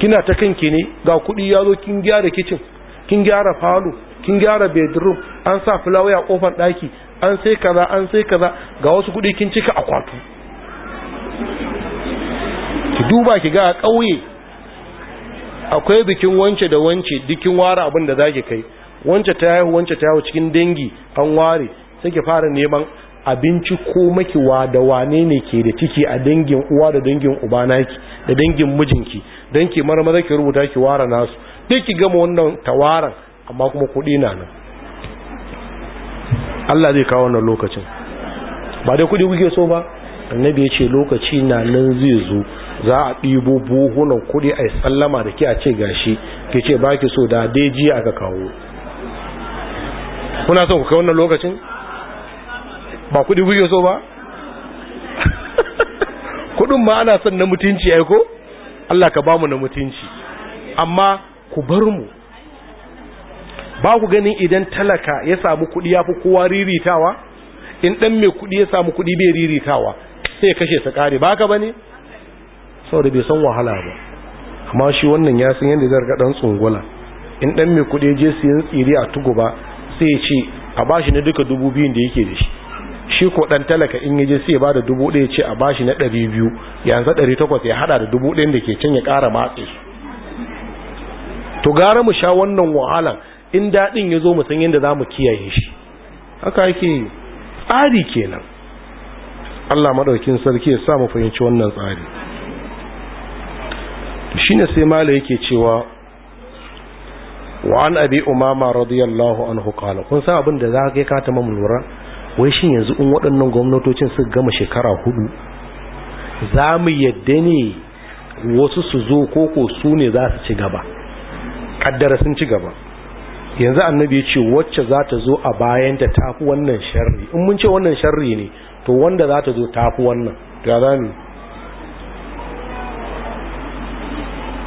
kina ta kanki ne ga kuɗi ya zo kin gyara kicin kin gyara falo kin gyara bedroom an sa fulawa a kofar daki an sai kaza an sai kaza ga wasu kudi kin cika akwatu ki duba ki ga a kauye akwai bikin wance da wance dukin ware abin da zaki kai wance ta yi wance ta yi cikin dangi an ware sai ki fara neman abinci ko makiwa da wane ne ke da ciki a dangin uwa da dangin uba naki da dangin mijinki dan ki maza ki rubuta ki ware nasu duk ki gama wannan tawaran amma kuma kuɗi na nan Allah zai kawo wannan lokacin ba dai kuɗi kuke so ba annabi ya ce lokaci na nan zai zo za a ɗibo buhunan kuɗi a sallama da ke a ce gashi ke ce ba ki so da dai jiya aka kawo kuna son ku kai wannan lokacin ba kuɗi kuke so ba kuɗin ma ana son na mutunci aiko Allah ka bamu na mutunci amma ku bar mu ba ku ganin idan talaka ya samu kuɗi ya fi kowa riritawa in ɗan mai kuɗi ya samu kuɗi bai riritawa sai ya kashe su kare ba ka bane? saboda bai san wahala ba amma shi wannan ya san yadda zarga ɗan tsungula in ɗan mai kuɗi je siyan tsiri a tugu ba sai ya ce a bashi na duka dubu biyun da yake da shi shi ko ɗan talaka in ya je sai ya ba da dubu ɗaya ce a bashi na ɗari biyu yanzu ɗari takwas ya haɗa da dubu ɗayan da ke can ya ƙara matse to gara mu sha wannan wahalan in daɗin ya zo mu san yadda za mu kiyaye shi haka yake tsari kenan Allah maɗaukin sarki ya sa mu fahimci wannan tsari shine sai mala yake cewa wa an abi umama radiyallahu anhu hukala kun sa abin da za ka kata mamu lura wai shin yanzu in waɗannan gwamnatocin su gama shekara hudu za mu yadda ne wasu su zo koko su ne za su ci gaba kaddara sun ci gaba yanzu annabi ya ce wacce za ta zo a bayan ta tafi wannan sharri in mun ce wannan sharri ne to wanda za ta zo tafi wannan ga za mu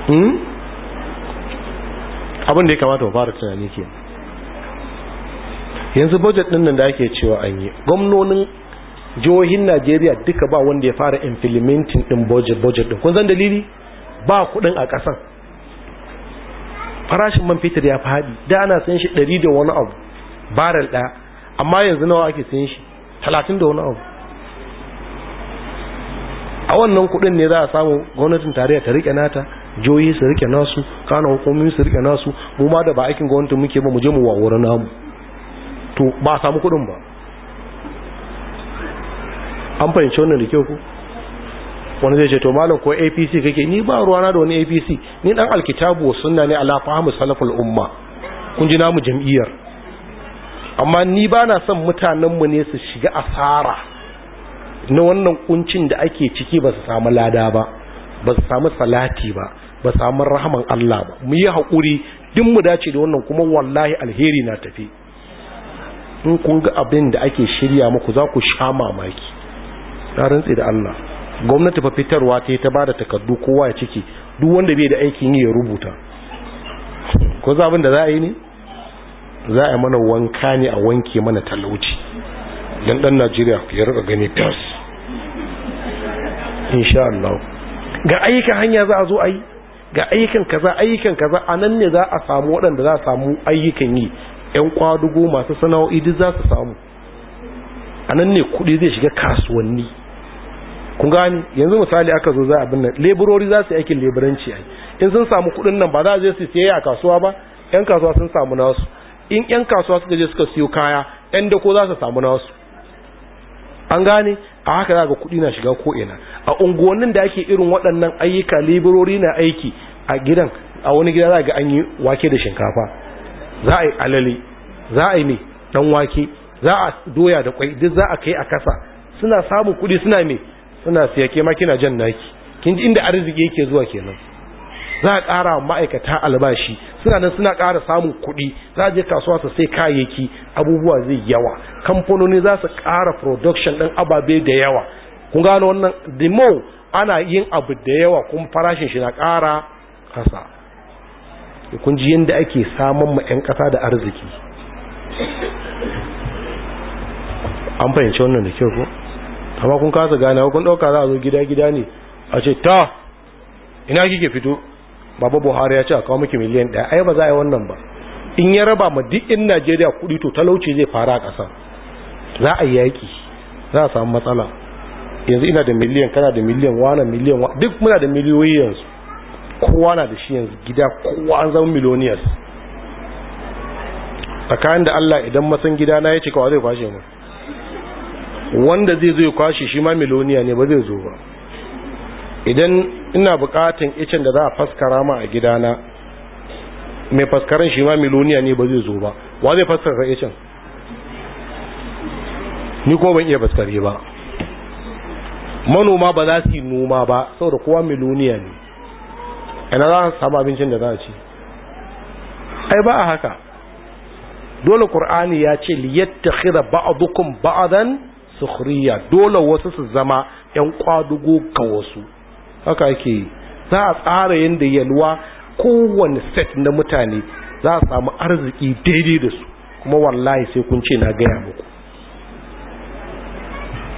hmm? abin ya kamata fara tunani ke yanzu budget din nan da ake cewa an yi gwamnonin jihohin Najeriya duka ba wanda ya fara implementing din budget budget din kun zan dalili ba kudin a kasan farashin man fetur ya faɗi da ana sayan shi ɗari da wani abu baral ɗaya amma yanzu nawa ake sayan shi talatin da wani abu a wannan kuɗin ne za a samu gwamnatin tarayya ta rike nata jihohi su riƙe nasu kana hukumomi su rike nasu mu ma da ba aikin gwamnati muke ba mu je mu wawura namu to ba a samu kuɗin ba an fahimci wannan da kyau ku wani zai ce to malam ko APC kake ni ba ruwana da wani APC ni dan alkitabu wa sunna ne ala fahmu salaful umma kun ji namu jam'iyyar amma ni bana son mutanen mu ne su shiga asara na wannan kuncin da ake ciki ba su samu lada ba ba su samu salati ba ba su samu rahaman Allah ba mu yi hakuri duk mu dace da wannan kuma wallahi alheri na tafi in kun ga abin da ake shirya muku za ku sha mamaki na rantsi da Allah gwamnati fa fitarwa ta ta bada takardu kowa ya ciki duk wanda bai da aikin yi ya rubuta ko za abin da za a yi ne za a yi mana wanka ne a wanke mana talauci don dan Najeriya ya rika gani fas insha Allah ga ayyukan hanya za a zo ayi ga ayyukan kaza ayyukan kaza anan ne za a samu waɗanda za a samu ayyukan yi ƴan kwadugo masu sana'o'i duk za su samu anan ne kuɗi zai shiga kasuwanni kun gani yanzu misali aka zo za abin binne leburori za su yi aikin leburanci ai in sun samu kuɗin nan ba za su je su siye a kasuwa ba yan kasuwa sun samu nasu in yan kasuwa suka je suka siyo kaya yan dako za su samu nasu an gane a haka za ga kuɗi na shiga ko ina a unguwannin da ake irin waɗannan ayyuka leburori na aiki a gidan a wani gida za ga an yi wake da shinkafa za a yi alale za a yi ne dan wake za a doya da kwai duk za a kai a kasa suna samun kuɗi suna mai suna siya ke ma kina jan naki kin ji inda arziki yake zuwa kenan za a ƙara ma'aikata albashi suna nan suna ƙara samun kuɗi za a je kasuwa su sai kayayyaki abubuwa zai yawa kamfanoni za su ƙara production ɗin ababe da yawa kun gano wannan the more ana yin abu da yawa kuma farashin shi na ƙara kasa kun ji yadda ake samun ma ƴan ƙasa da arziki an fahimci wannan da kyau ko amma kun kasa gane kun dauka za a zo gida gida ne a ce ta ina kike fito baba buhari ya ce a kawo miki miliyan ɗaya ai ba za a yi wannan ba in ya raba ma duk in najeriya kuɗi to talauci zai fara a ƙasa za a yi yaƙi za a samu matsala yanzu ina da miliyan kana da miliyan wana miliyan wa duk muna da miliyoyi yanzu kowa na da shi yanzu gida kowa an zama miloniyas tsakanin da allah idan masan gida na ya ce kawai zai fashe mu wanda zai zo ya kwashe shi ma miloniya ne ba zai zo ba idan ina bukatan icen da za a faskara ma a gidana mai faskaran shi ma miloniya ne ba zai zo ba wa zai faskara icen ni kuma ban iya faskare ba manoma ba za su yi noma ba saboda kowa miloniya ne ina za a samu abincin da za a ci ai ba a haka dole Kur'ani ya ce liyatta, khira ba'dukum ba'dan sukhriya dole wasu su zama yan kwadugo ga wasu haka ake za a tsara yadda yalwa kowane set na mutane za a samu arziki daidai da su kuma wallahi sai kun ce na gaya muku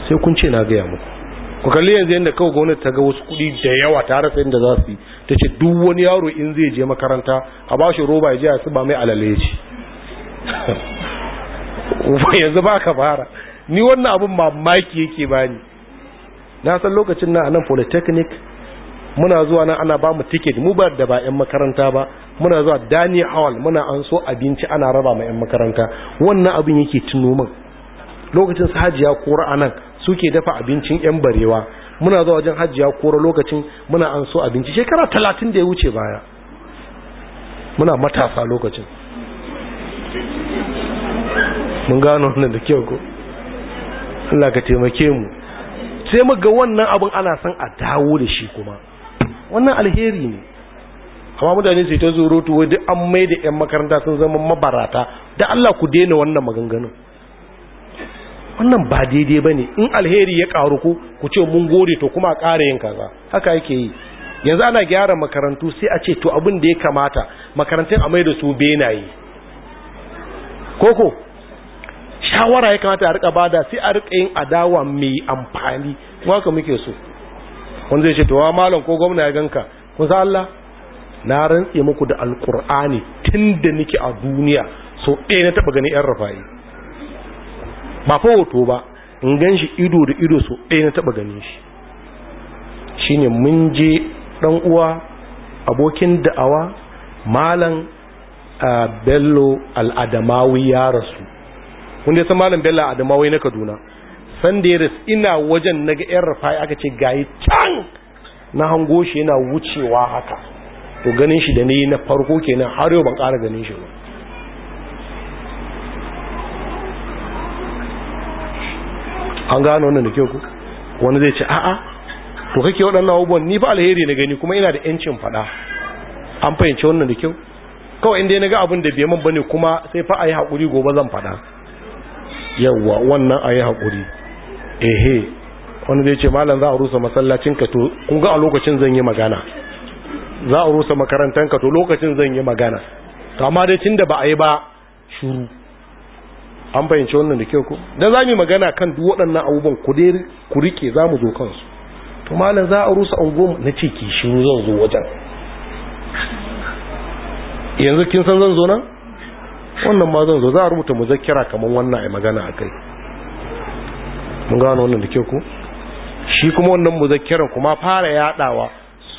sai kun ce na gaya muku ku kalli yanzu yadda kawai gwamnati ta ga wasu kuɗi da yawa ta rasa yadda za su yi ta ce duk wani yaro in zai je makaranta a ba shi roba ya je a su ba mai alale ya ce yanzu ba ka fara ni wannan abin mamaki yake bani na san lokacin na anan polytechnic muna zuwa nan ana ba mu ticket mu ba da ba 'yan makaranta ba muna zuwa dani hall muna an so abinci ana raba ma 'yan makaranta wannan abin yake tuno min lokacin su hajiya kora anan suke dafa abincin 'yan barewa muna zuwa wajen hajiya kora lokacin muna an so abinci shekara talatin da ya wuce baya muna matasa lokacin mun gano wannan da kyau ko Allah ka taimake mu sai mu ga wannan abin ana son a dawo da shi kuma wannan alheri ne amma mutane sai ta zurutu wai duk an mai da yan makaranta sun zama mabarata da Allah ku daina wannan maganganun wannan ba daidai ba ne in alheri ya karu ku ku ce mun gode to kuma a ƙara yin kaza haka yake yi yanzu ana gyara makarantu sai a ce to abin da ya kamata makarantun a mai da su benaye koko shawara ya kamata a rika bada sai a rika yin adawa mai amfani kuma haka muke so wanda zai ce to malam ko gwamna ya ganka kun san Allah na rantse muku da alkur'ani tunda nake a duniya so ɗaya na taba ganin yan rafa'i ba fa hoto ba in gan shi ido da ido so ɗaya na taba ganin shi shine mun je dan uwa abokin da'awa malam ah, bello al'adamawi ya rasu kun dai san malam bello wai na kaduna san da yaris ina wajen na ga yan rufai aka ce gayi can na hango shi yana wucewa haka to ganin shi da ni na farko kenan har yau ban ƙara ganin shi ba an gano wannan da kyau ku wani zai ce a'a to kake waɗannan abubuwan ni ba alheri na gani kuma ina da yancin faɗa an fahimci wannan da kyau kawai inda ya naga abin da bai man bane kuma sai fa a yi haƙuri gobe zan faɗa yawwa wannan ayi hakuri ehe wani zai ce malam za a rusa masallacin ka to kun ga a lokacin zan yi magana za a rusa makarantar ka to lokacin zan yi magana to amma dai tun da ba a yi ba shuru an fahimci wannan da kyau ko da za mu magana kan duk waɗannan abubuwan ku rike za mu zo kansu to malam za a rusa ungum na ce ki shiru zan zo wajen yanzu kin san zan zo nan wannan ma zan zo za a rubuta muzakkira kamar wannan ai magana akai mun gano wannan da ke ku shi kuma wannan muzakkira kuma fara yadawa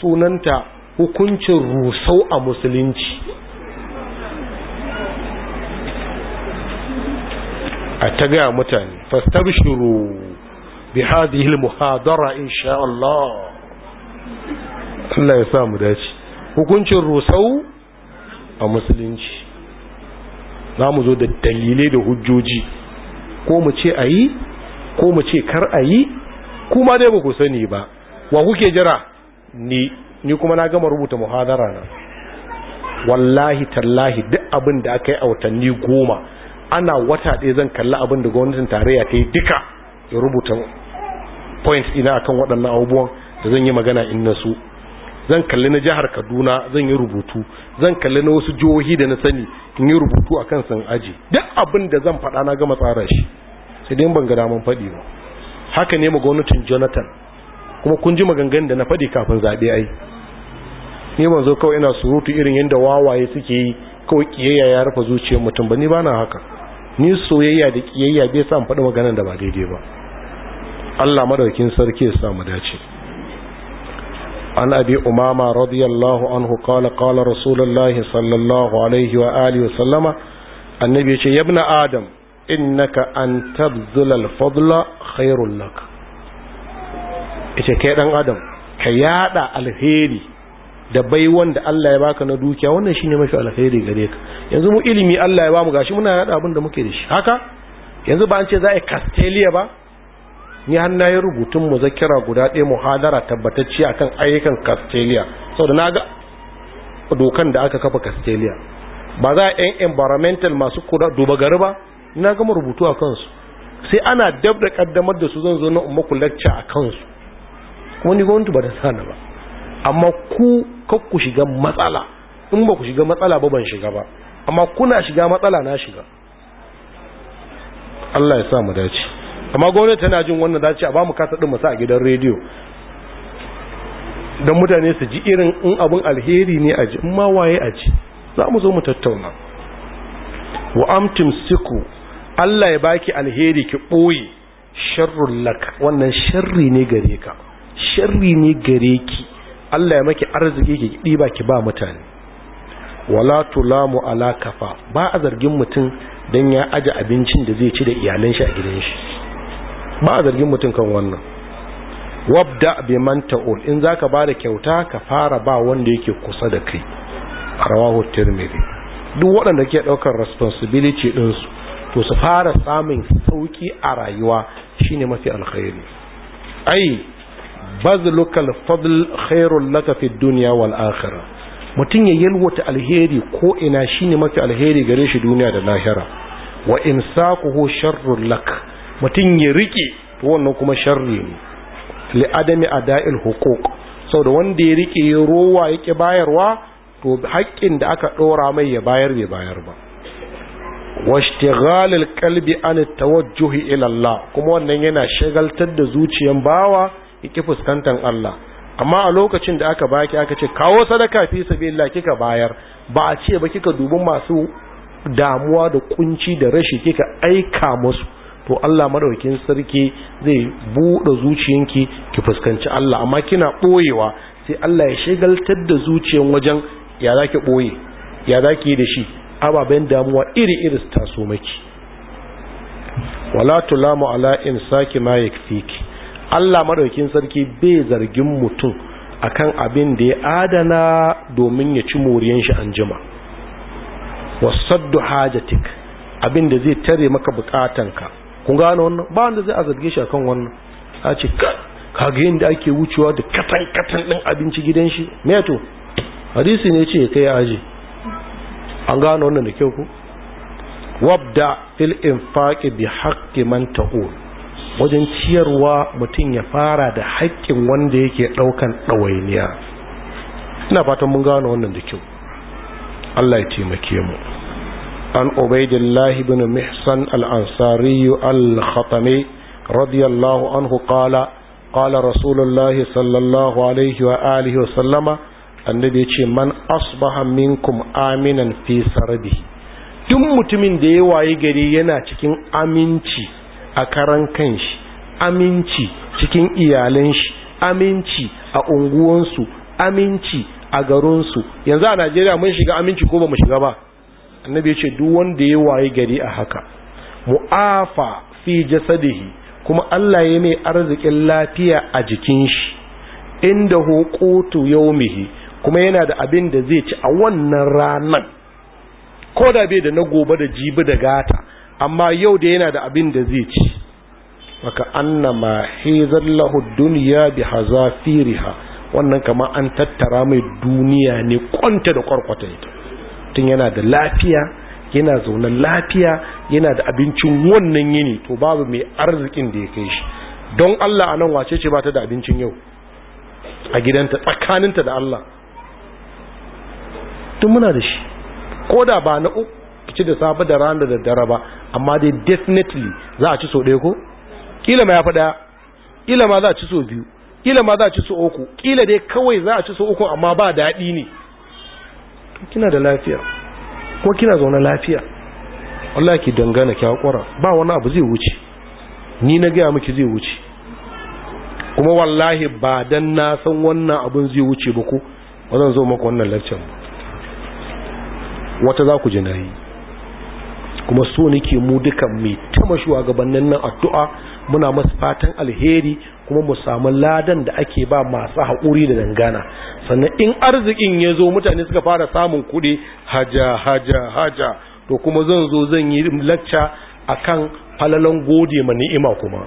sunanta hukuncin rusau a musulunci a ta gaya mutane fastabshiru bi hadhihi al-muhadara insha Allah Allah ya sa mu dace hukuncin rusau a musulunci za mu zo da dalilai da hujjoji ko mu ce a yi ko mu ce kar a yi kuma dai ba ku sani ba wa kuke jira ni ni kuma na gama rubuta muhadara na wallahi tallahi duk abin da aka yi a watanni goma ana wata ɗaya zan kalla abin da gwamnatin tarayya ta yi duka ya rubuta points ina akan waɗannan abubuwan da zan yi magana in na su zan kalli na jihar kaduna zan yi rubutu zan kalli na wasu jihohi da na sani in yi rubutu a kan san aji duk abin da zan faɗa na gama tsara shi sai dai ban ga daman faɗi ba haka ne gwamnatin jonathan kuma kun ji maganganun da na faɗi kafin zaɓe ai ni ban zo kawai ina surutu irin yadda wawaye suke yi kawai kiyayya ya rufe zuciyar mutum ba ni ba na haka ni soyayya da kiyayya bai sa mu faɗi maganan da ba daidai ba Allah madaukin sarki ya sa mu dace عن أبي أمامة رضي الله عنه قال قال رسول الله صلى الله عليه وآله وسلم النبي يا ابن آدم إنك أن تبذل الفضل خير لك ita kai dan adam ka yaɗa alheri da baiwan da Allah ya baka na dukiya wannan shine mafi alheri gare ka yanzu mu ilimi Allah ya bamu gashi muna yada abin da muke da shi haka yanzu ba an ce za a Castelia ba ni har na yi rubutun muzakira guda ɗaya muhadara tabbatacce akan ayyukan castelia saboda na ga dokan da aka kafa castelia ba za a yan environmental masu kuda duba gari ba na gama rubutu a kansu sai ana dab da kaddamar da su zan zo na umarku lecture a kansu kuma ni gwamnati ba ta sana ba amma ku kar ku shiga matsala in ba ku shiga matsala ba ban shiga ba amma kuna shiga matsala na shiga Allah ya sa mu dace amma gwamnati tana jin wannan za a ba mu kasa din masa a gidan rediyo dan mutane su ji irin in abun alheri ne a ji in ma waye a ji za mu zo mu tattauna wa amtim siku Allah ya baki alheri ki ɓoye sharrul laka wannan sharri ne gare ka sharri ne gare ki Allah ya maki arziki ki ɗiba ki ba mutane wala tulamu ala kafa ba a zargin mutum don ya aje abincin da zai ci da iyalan shi a gidan ba a zargin mutum kan wannan wabda bi man ta'ul in zaka bada kyauta ka fara ba wanda yake kusa da kai rawahu tirmidhi duk waɗanda ke ɗaukar responsibility din su to su fara samun sauki a rayuwa shine mafi alkhairi ai bazlukal fadl khairul lak fi dunya wal akhirah mutun ya yalwata alheri ko ina shine mafi alheri gare shi duniya da lahira wa imsakuhu sharrul lak mutum ya rike wannan kuma sharri ne li adami ada'il huquq saboda wanda ya rike rowa yake bayarwa to haƙƙin da aka ɗora mai ya bayar bai bayar ba washtighalil alqalbi an tawajjuh ila Allah kuma wannan yana shagaltar da zuciyar bawa yake fuskantar Allah amma a lokacin da aka baki aka ce kawo sadaka fi sabilillah kika bayar ba a ce ba kika dubi masu damuwa da kunci da rashi kika aika musu to Allah madaukin sarki zai bude zuciyanki ki fuskanci Allah amma kina boyewa sai Allah ya shigaltar da zuciyan wajen ya zaki boye ya zaki da shi ababen damuwa iri-iri su taso maki wala tulamu ala in insaki ma yakfiki Allah madaukin sarki bai zargin mutum akan abin da ya adana domin ya ci moriyan shi anjima wasaddu hajatik abin da zai tare maka bukatanka kun gane wannan ba wanda zai azarge shi akan wannan a ce kaga yadda ake wucewa da katan katan din abinci gidan shi me to hadisi ne ce kai aji an gane wannan da kyau ku wabda fil infaqi bi haqqi man ta'ul wajen ciyarwa mutum ya fara da haƙƙin wanda yake ɗaukan ɗawainiya ina fatan mun gane wannan da kyau Allah ya taimake mu عن عبيد الله بن محسن الأنصاري الخطمي رضي الله عنه قال قال رسول الله صلى الله عليه وآله وسلم annabi ya ce man asbaha minkum aminan fi duk mutumin da ya waye gari yana cikin aminci a karan kanshi aminci cikin iyalan shi aminci a unguwansu aminci a garinsu yanzu a najeriya mun shiga aminci ko ba mu shiga ba annabi ya ce duk wanda ya waye gari a haka mu'afa fi jasadihi kuma Allah ya mai arzikin lafiya a jikin shi inda hukutu yaumihi kuma yana da abin da zai ci a wannan ranar ko da bai da na gobe da jibi da gata amma yau da yana da abin da zai ci maka annama hizallahu dunya bi hazafiriha wannan kama an tattara mai duniya ne kwanta da kwarkwata ita mutum yana da lafiya yana zaune lafiya yana da abincin wannan yini to babu mai arzikin da ya kai shi don Allah a nan wace ce ba ta da abincin yau a gidanta tsakaninta da Allah tun muna da shi ko da ba na uku ci da safe da rana da dare ba amma dai definitely za a ci so ɗaya ko kila ma ya fi ɗaya kila ma za a ci so biyu kila ma za a ci so uku kila dai kawai za a ci so uku amma ba daɗi ne kina da lafiya ko kina zaune lafiya Allah ki dangana ki hakura ba wani abu zai wuce ni na gaya miki zai wuce kuma wallahi ba dan na san wannan abun zai wuce ba ko ba zo maka wannan lecture ba wata za ku ji nayi kuma so nake mu dukan mai tamashuwa mashuwa nan addu'a muna masu fatan alheri kuma mu samu ladan da ake ba masu haƙuri da dangana sannan in arzikin ya zo mutane suka fara samun kuɗi haja haja haja to kuma zan zo zan yi lacca akan falalan gode ma ni'ima kuma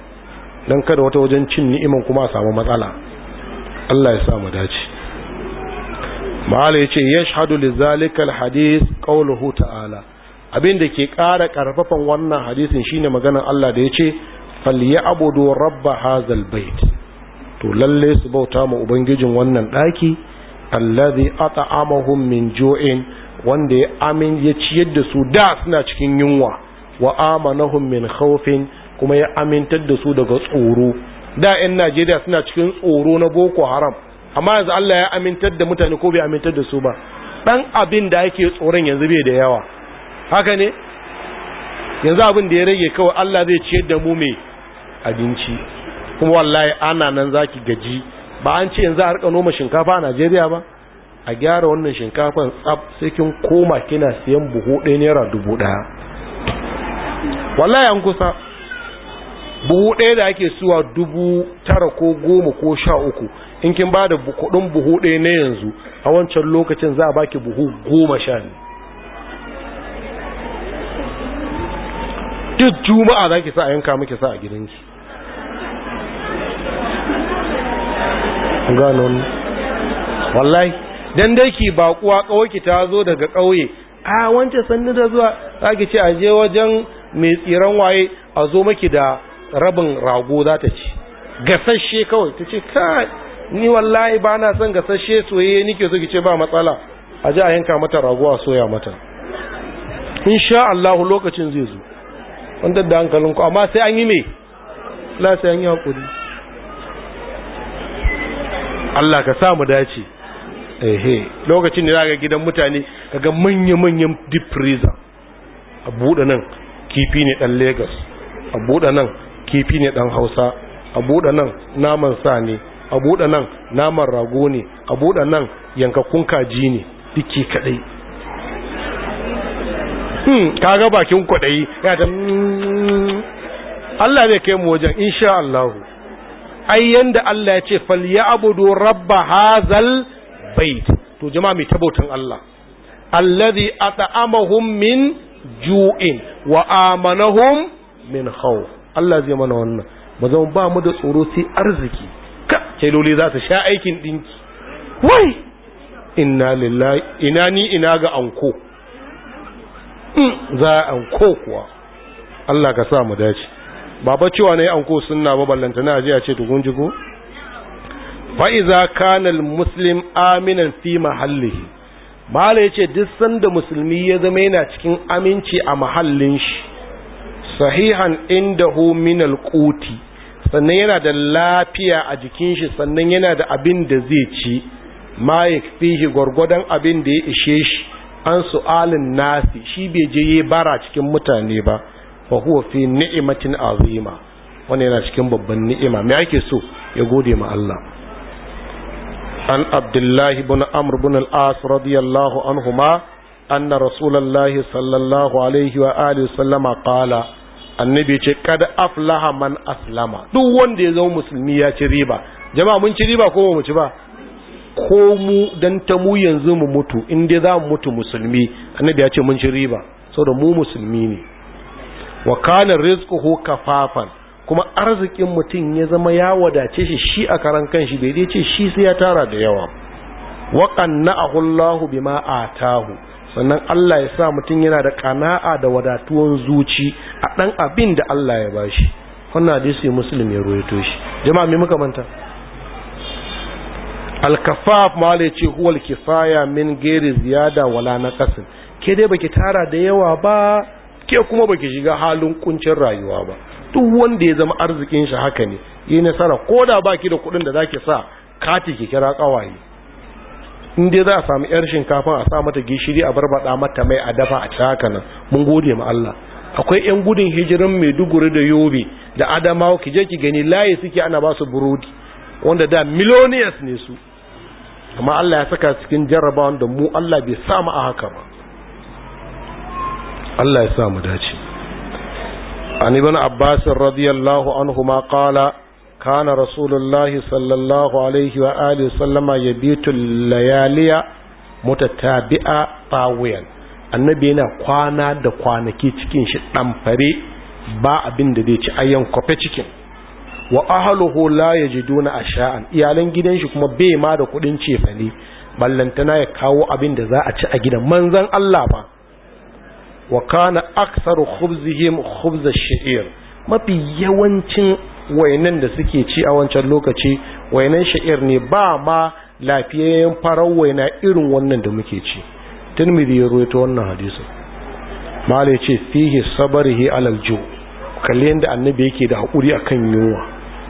don kada wata wajen cin ni'iman kuma a samu matsala Allah ya samu dace ma'ala ya ce yashhadu li zalikal hadis qawluhu ta'ala abin da ke ƙara ƙarfafan wannan hadisin shine maganan Allah da ya ce فليعبدوا رب hazal bait to lalle su bauta ma ubangijin wannan daki allazi at'amahum min ju'in wanda ya amin ya ciyar da su da suna cikin yunwa wa amanahum min khawfin kuma ya amintar da su daga tsoro da yan Najeriya suna cikin tsoro na Boko Haram amma yanzu Allah ya amintar da mutane ko bai amintar da su ba dan abin da yake tsoron yanzu bai da yawa haka ne yanzu abin da ya rage kawai Allah zai ciyar da mu mai abinci kuma wallahi ana nan zaki gaji ba an ce yanzu har rika noma shinkafa a Najeriya ba a gyara wannan shinkafan tsab sai kin koma kina siyan buhu ɗaya naira dubu ɗaya wallahi an kusa buhu ɗaya da ake suwa dubu tara ko goma ko sha uku in kin ba da kuɗin buhu ɗaya na yanzu a wancan lokacin za a baki buhu goma sha ne duk juma'a zaki sa a yanka miki sa a gidanki gano wallahi dan dai ki bakuwa kawai ta zo daga kauye a wance sanni da zuwa zaki ce a je wajen mai tsiran waye a zo maki da rabin rago za ta ci gasashe kawai ta ce ka ni wallahi ba na son gasashe soyayye nike so ki ce ba matsala a ji a yanka mata rago a soya mata insha Allah lokacin zai zo wanda da hankalinku amma sai an yi me la sai an yi hakuri Allah ka sa mu dace ehe lokacin da za ga gidan mutane kaga manya-manyan deep freezer a buɗe nan kifi ne ɗan lagos a buɗe nan kifi ne ɗan hausa a buɗe nan naman sa ne a buɗe nan naman rago ne a buɗe nan yankakkun kaji ne duki kaɗai hmm kaga bakin kwaɗayi ya ta hmm. Allah zai kai mu wajen insha Allahu ai yanda Allah ya ce falyabudu rabba hazal bait to jama'a mai tabautan Allah allazi at'amahum min ju'in wa amanahum min khawf Allah zai mana wannan ba zan ba mu da tsoro sai arziki ka kailoli za su sha aikin dinki wai inna lillahi ina ni ina ga anko hmm, za anko kuwa Allah ka sa mu dace Baba ba cewa ne an ko sunna ba ballanta na aje a ce tukun fa iza kana muslim aminan fi mahallihi mala yace duk sanda musulmi ya zama yana cikin aminci a mahallin shi sahihan indahu min quti sannan yana da lafiya a jikin shi sannan yana da abin da zai ci ma yakfihi gwargwadon abin da ya ishe shi an su'alin nasi shi bai je yi bara cikin mutane ba fa huwa fi ni'matin azima wannan yana cikin babban ni'ima me ake so ya gode ma Allah an abdullahi ibn amr ibn al-as radiyallahu anhuma anna rasulullahi sallallahu alaihi wa alihi sallama qala annabi ce kad aflaha man aslama duk wanda ya zama musulmi ya ci riba jama'a mun ci riba ko mu ci ba ko mu dan ta mu yanzu mu mutu in dai za mu mutu musulmi annabi ya ce mun ci riba saboda mu musulmi ne wa kana rizquhu kafafan kuma arzikin mutum ya zama ya wadace shi shi a karan kanshi bai dai ce shi sai ya tara da yawa wa qanna'ahu Allahu bima atahu sannan Allah ya sa mutum yana da kana'a da wadatuwan zuci a dan abin da Allah ya bashi wannan hadisi muslim ya ruwaito shi jama'a me muka manta al-kafaf ma huwa al-kifaya min ghairi ziyada wala naqas ke dai baki tara da yawa ba ke kuma baki shiga halin kuncin rayuwa ba duk wanda ya zama arzikin shi haka ne yi nasara ko da baki da kuɗin da zaki sa kati ke kira kawaye in dai za a samu yar shinkafa a sa mata gishiri a barbada mata mai a dafa a haka nan mun gode ma Allah akwai yan gudun mai Maiduguri da Yobe da Adamawa ki je ki gani layi suke ana ba su burodi wanda da millionaires ne su amma Allah ya saka cikin jarrabawan da mu Allah bai sa mu a haka ba Allah ya sa mu dace an ibn abbas radiyallahu ma qala kana rasulullahi sallallahu alaihi wa alihi sallama yabitu layaliya mutatabi'a tawiyan annabi yana kwana da kwanaki cikin shi fare ba abin da zai ci ayyan kwafe cikin wa ahluhu la yajiduna asha'an iyalan gidan shi kuma bai ma da kudin cefane ballantana ya kawo abin da za a ci a gidan manzon Allah ba wa kana aktsaru khubzihim khubz ash-sha'ir mafi yawancin wainan da suke ci a wancan lokaci wainan sha'ir ne ba ma lafiyayyen farar waina irin wannan da muke ci tirmidhi ya rawaito wannan hadisi malai ce fihi sabrihi alal ju kalle yanda annabi yake da hakuri akan yunwa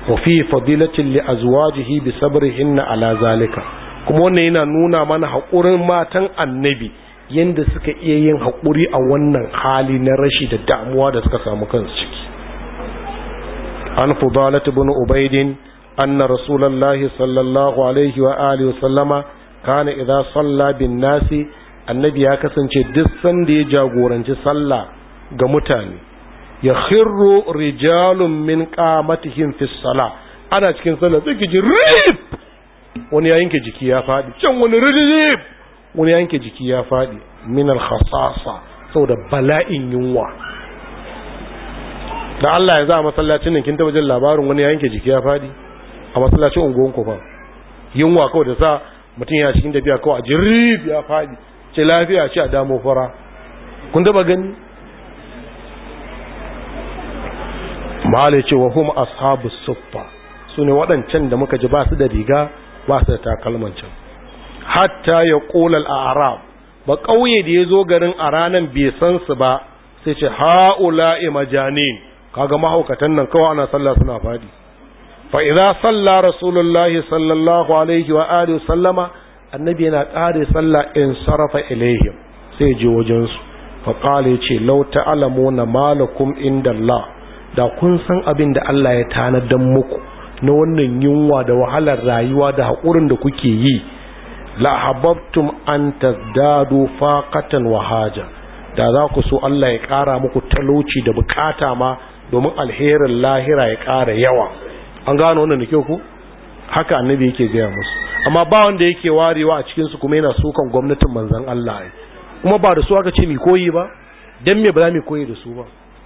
wa fi fadilatin li azwajihi bi sabrihinna ala zalika kuma wannan yana nuna mana hakurin matan annabi Yanda suka iya yin haƙuri a wannan hali na rashi da damuwa da suka samu kansu ciki an fudalat ibn ubaidin anna rasulullahi sallallahu alaihi wa alihi sallama kana idza salla bin nasi annabi ya kasance duk sanda ya jagoranci sallah ga mutane ya khirru rijalun min qamatihim fi salla ana cikin sallah sai ki ji rip wani ya yanke jiki ya fadi can wani rip wani yanke jiki ya faɗi minar khasasa saboda bala'in yunwa da Allah ya za a masallacin nan kin taba jin labarin wani yanke jiki ya faɗi a masallacin unguwan ku fa yunwa kawai da sa mutum ya cikin tafiya kawai a jirib ya faɗi ce lafiya ce a damo fara kun taba gani mahalai ce wa hum ashabu suffa su ne waɗancan da muka ji ba su da riga ba su da takalman can hatta ya ƙolal a arab ba ƙauye da ya zo garin a ranar bai san su ba sai ce ha'ula majanin kaga mahaukatan nan kawai ana sallah suna fadi fa idza salla rasulullahi sallallahu alaihi wa alihi sallama annabi yana ƙare sallah in sarrafa ilaihim sai je wajen su fa qala yace law na malakum inda Allah da kun san abin da Allah ya tanadar muku na wannan yunwa da wahalar rayuwa da haƙurin da kuke yi la habbtum an tazdadu faqatan wa haja da za ku so Allah ya kara muku talauci da bukata ma domin alherin lahira ya kara yawa an gano wannan da kyau ku haka annabi yake gaya musu amma ba wanda yake warewa a cikin su kuma yana sukan gwamnatin manzon Allah ai kuma ba da su aka ce mi koyi ba dan me ba za mi koyi da su ba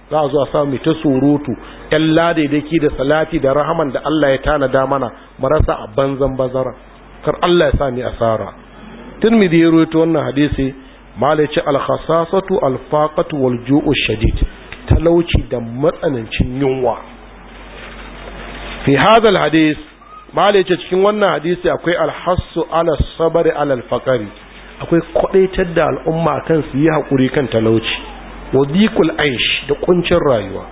za a zo a samu ta surutu ƴan ladaidaki da salati da rahaman da Allah ya tanada mana marasa a banzan bazara kar Allah ya sa ni asara tirmidhi ya rawaito wannan hadisi yace al-khasasatu al-faqatu wal ju'u shadid talauci da matsanancin yunwa fi hadha al mala yace cikin wannan hadisi akwai al-hassu ala sabri ala al-faqari akwai kwadaitar da al'umma kan su yi hakuri kan talauci wa aish da kuncin rayuwa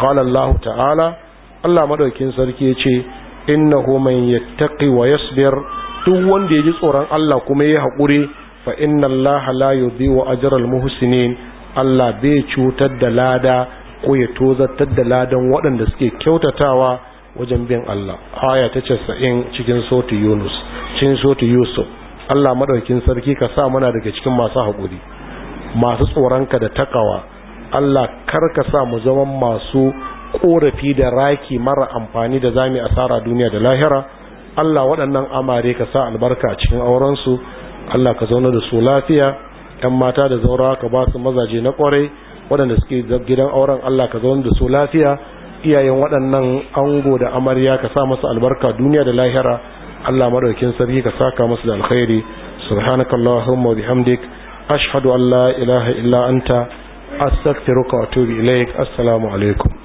qala Allah ta'ala Allah madaukin sarki yace innahu man yattaqi wa yasbir duk wanda ya ji tsoron Allah kuma ya haƙuri fa inna Allah la ajra al muhsinin Allah bai cutar da lada ko ya tozartar da ladan waɗanda suke kyautatawa wajen bin Allah aya ta 90 cikin soti Yunus cikin Sotu Yusuf Allah madaukin sarki ka sa muna daga cikin masu haƙuri masu tsoronka da takawa Allah kar ka sa mu zama masu korafi da raki mara amfani da zami asara duniya da lahira Allah waɗannan amare ka sa albarka a cikin aurensu Allah ka zauna da su lafiya ‘yan mata da zaura ka ba su mazaje na ƙwarai waɗanda suke gidan auren Allah ka zauna da su lafiya iyayen waɗannan ango da amarya ka sa masu albarka duniya da lahira Allah madaukin sarki ka saka masu da alkhairi subhanakallahumma wa bihamdik ashhadu an la ilaha illa anta astaghfiruka wa atubu ilaik assalamu alaikum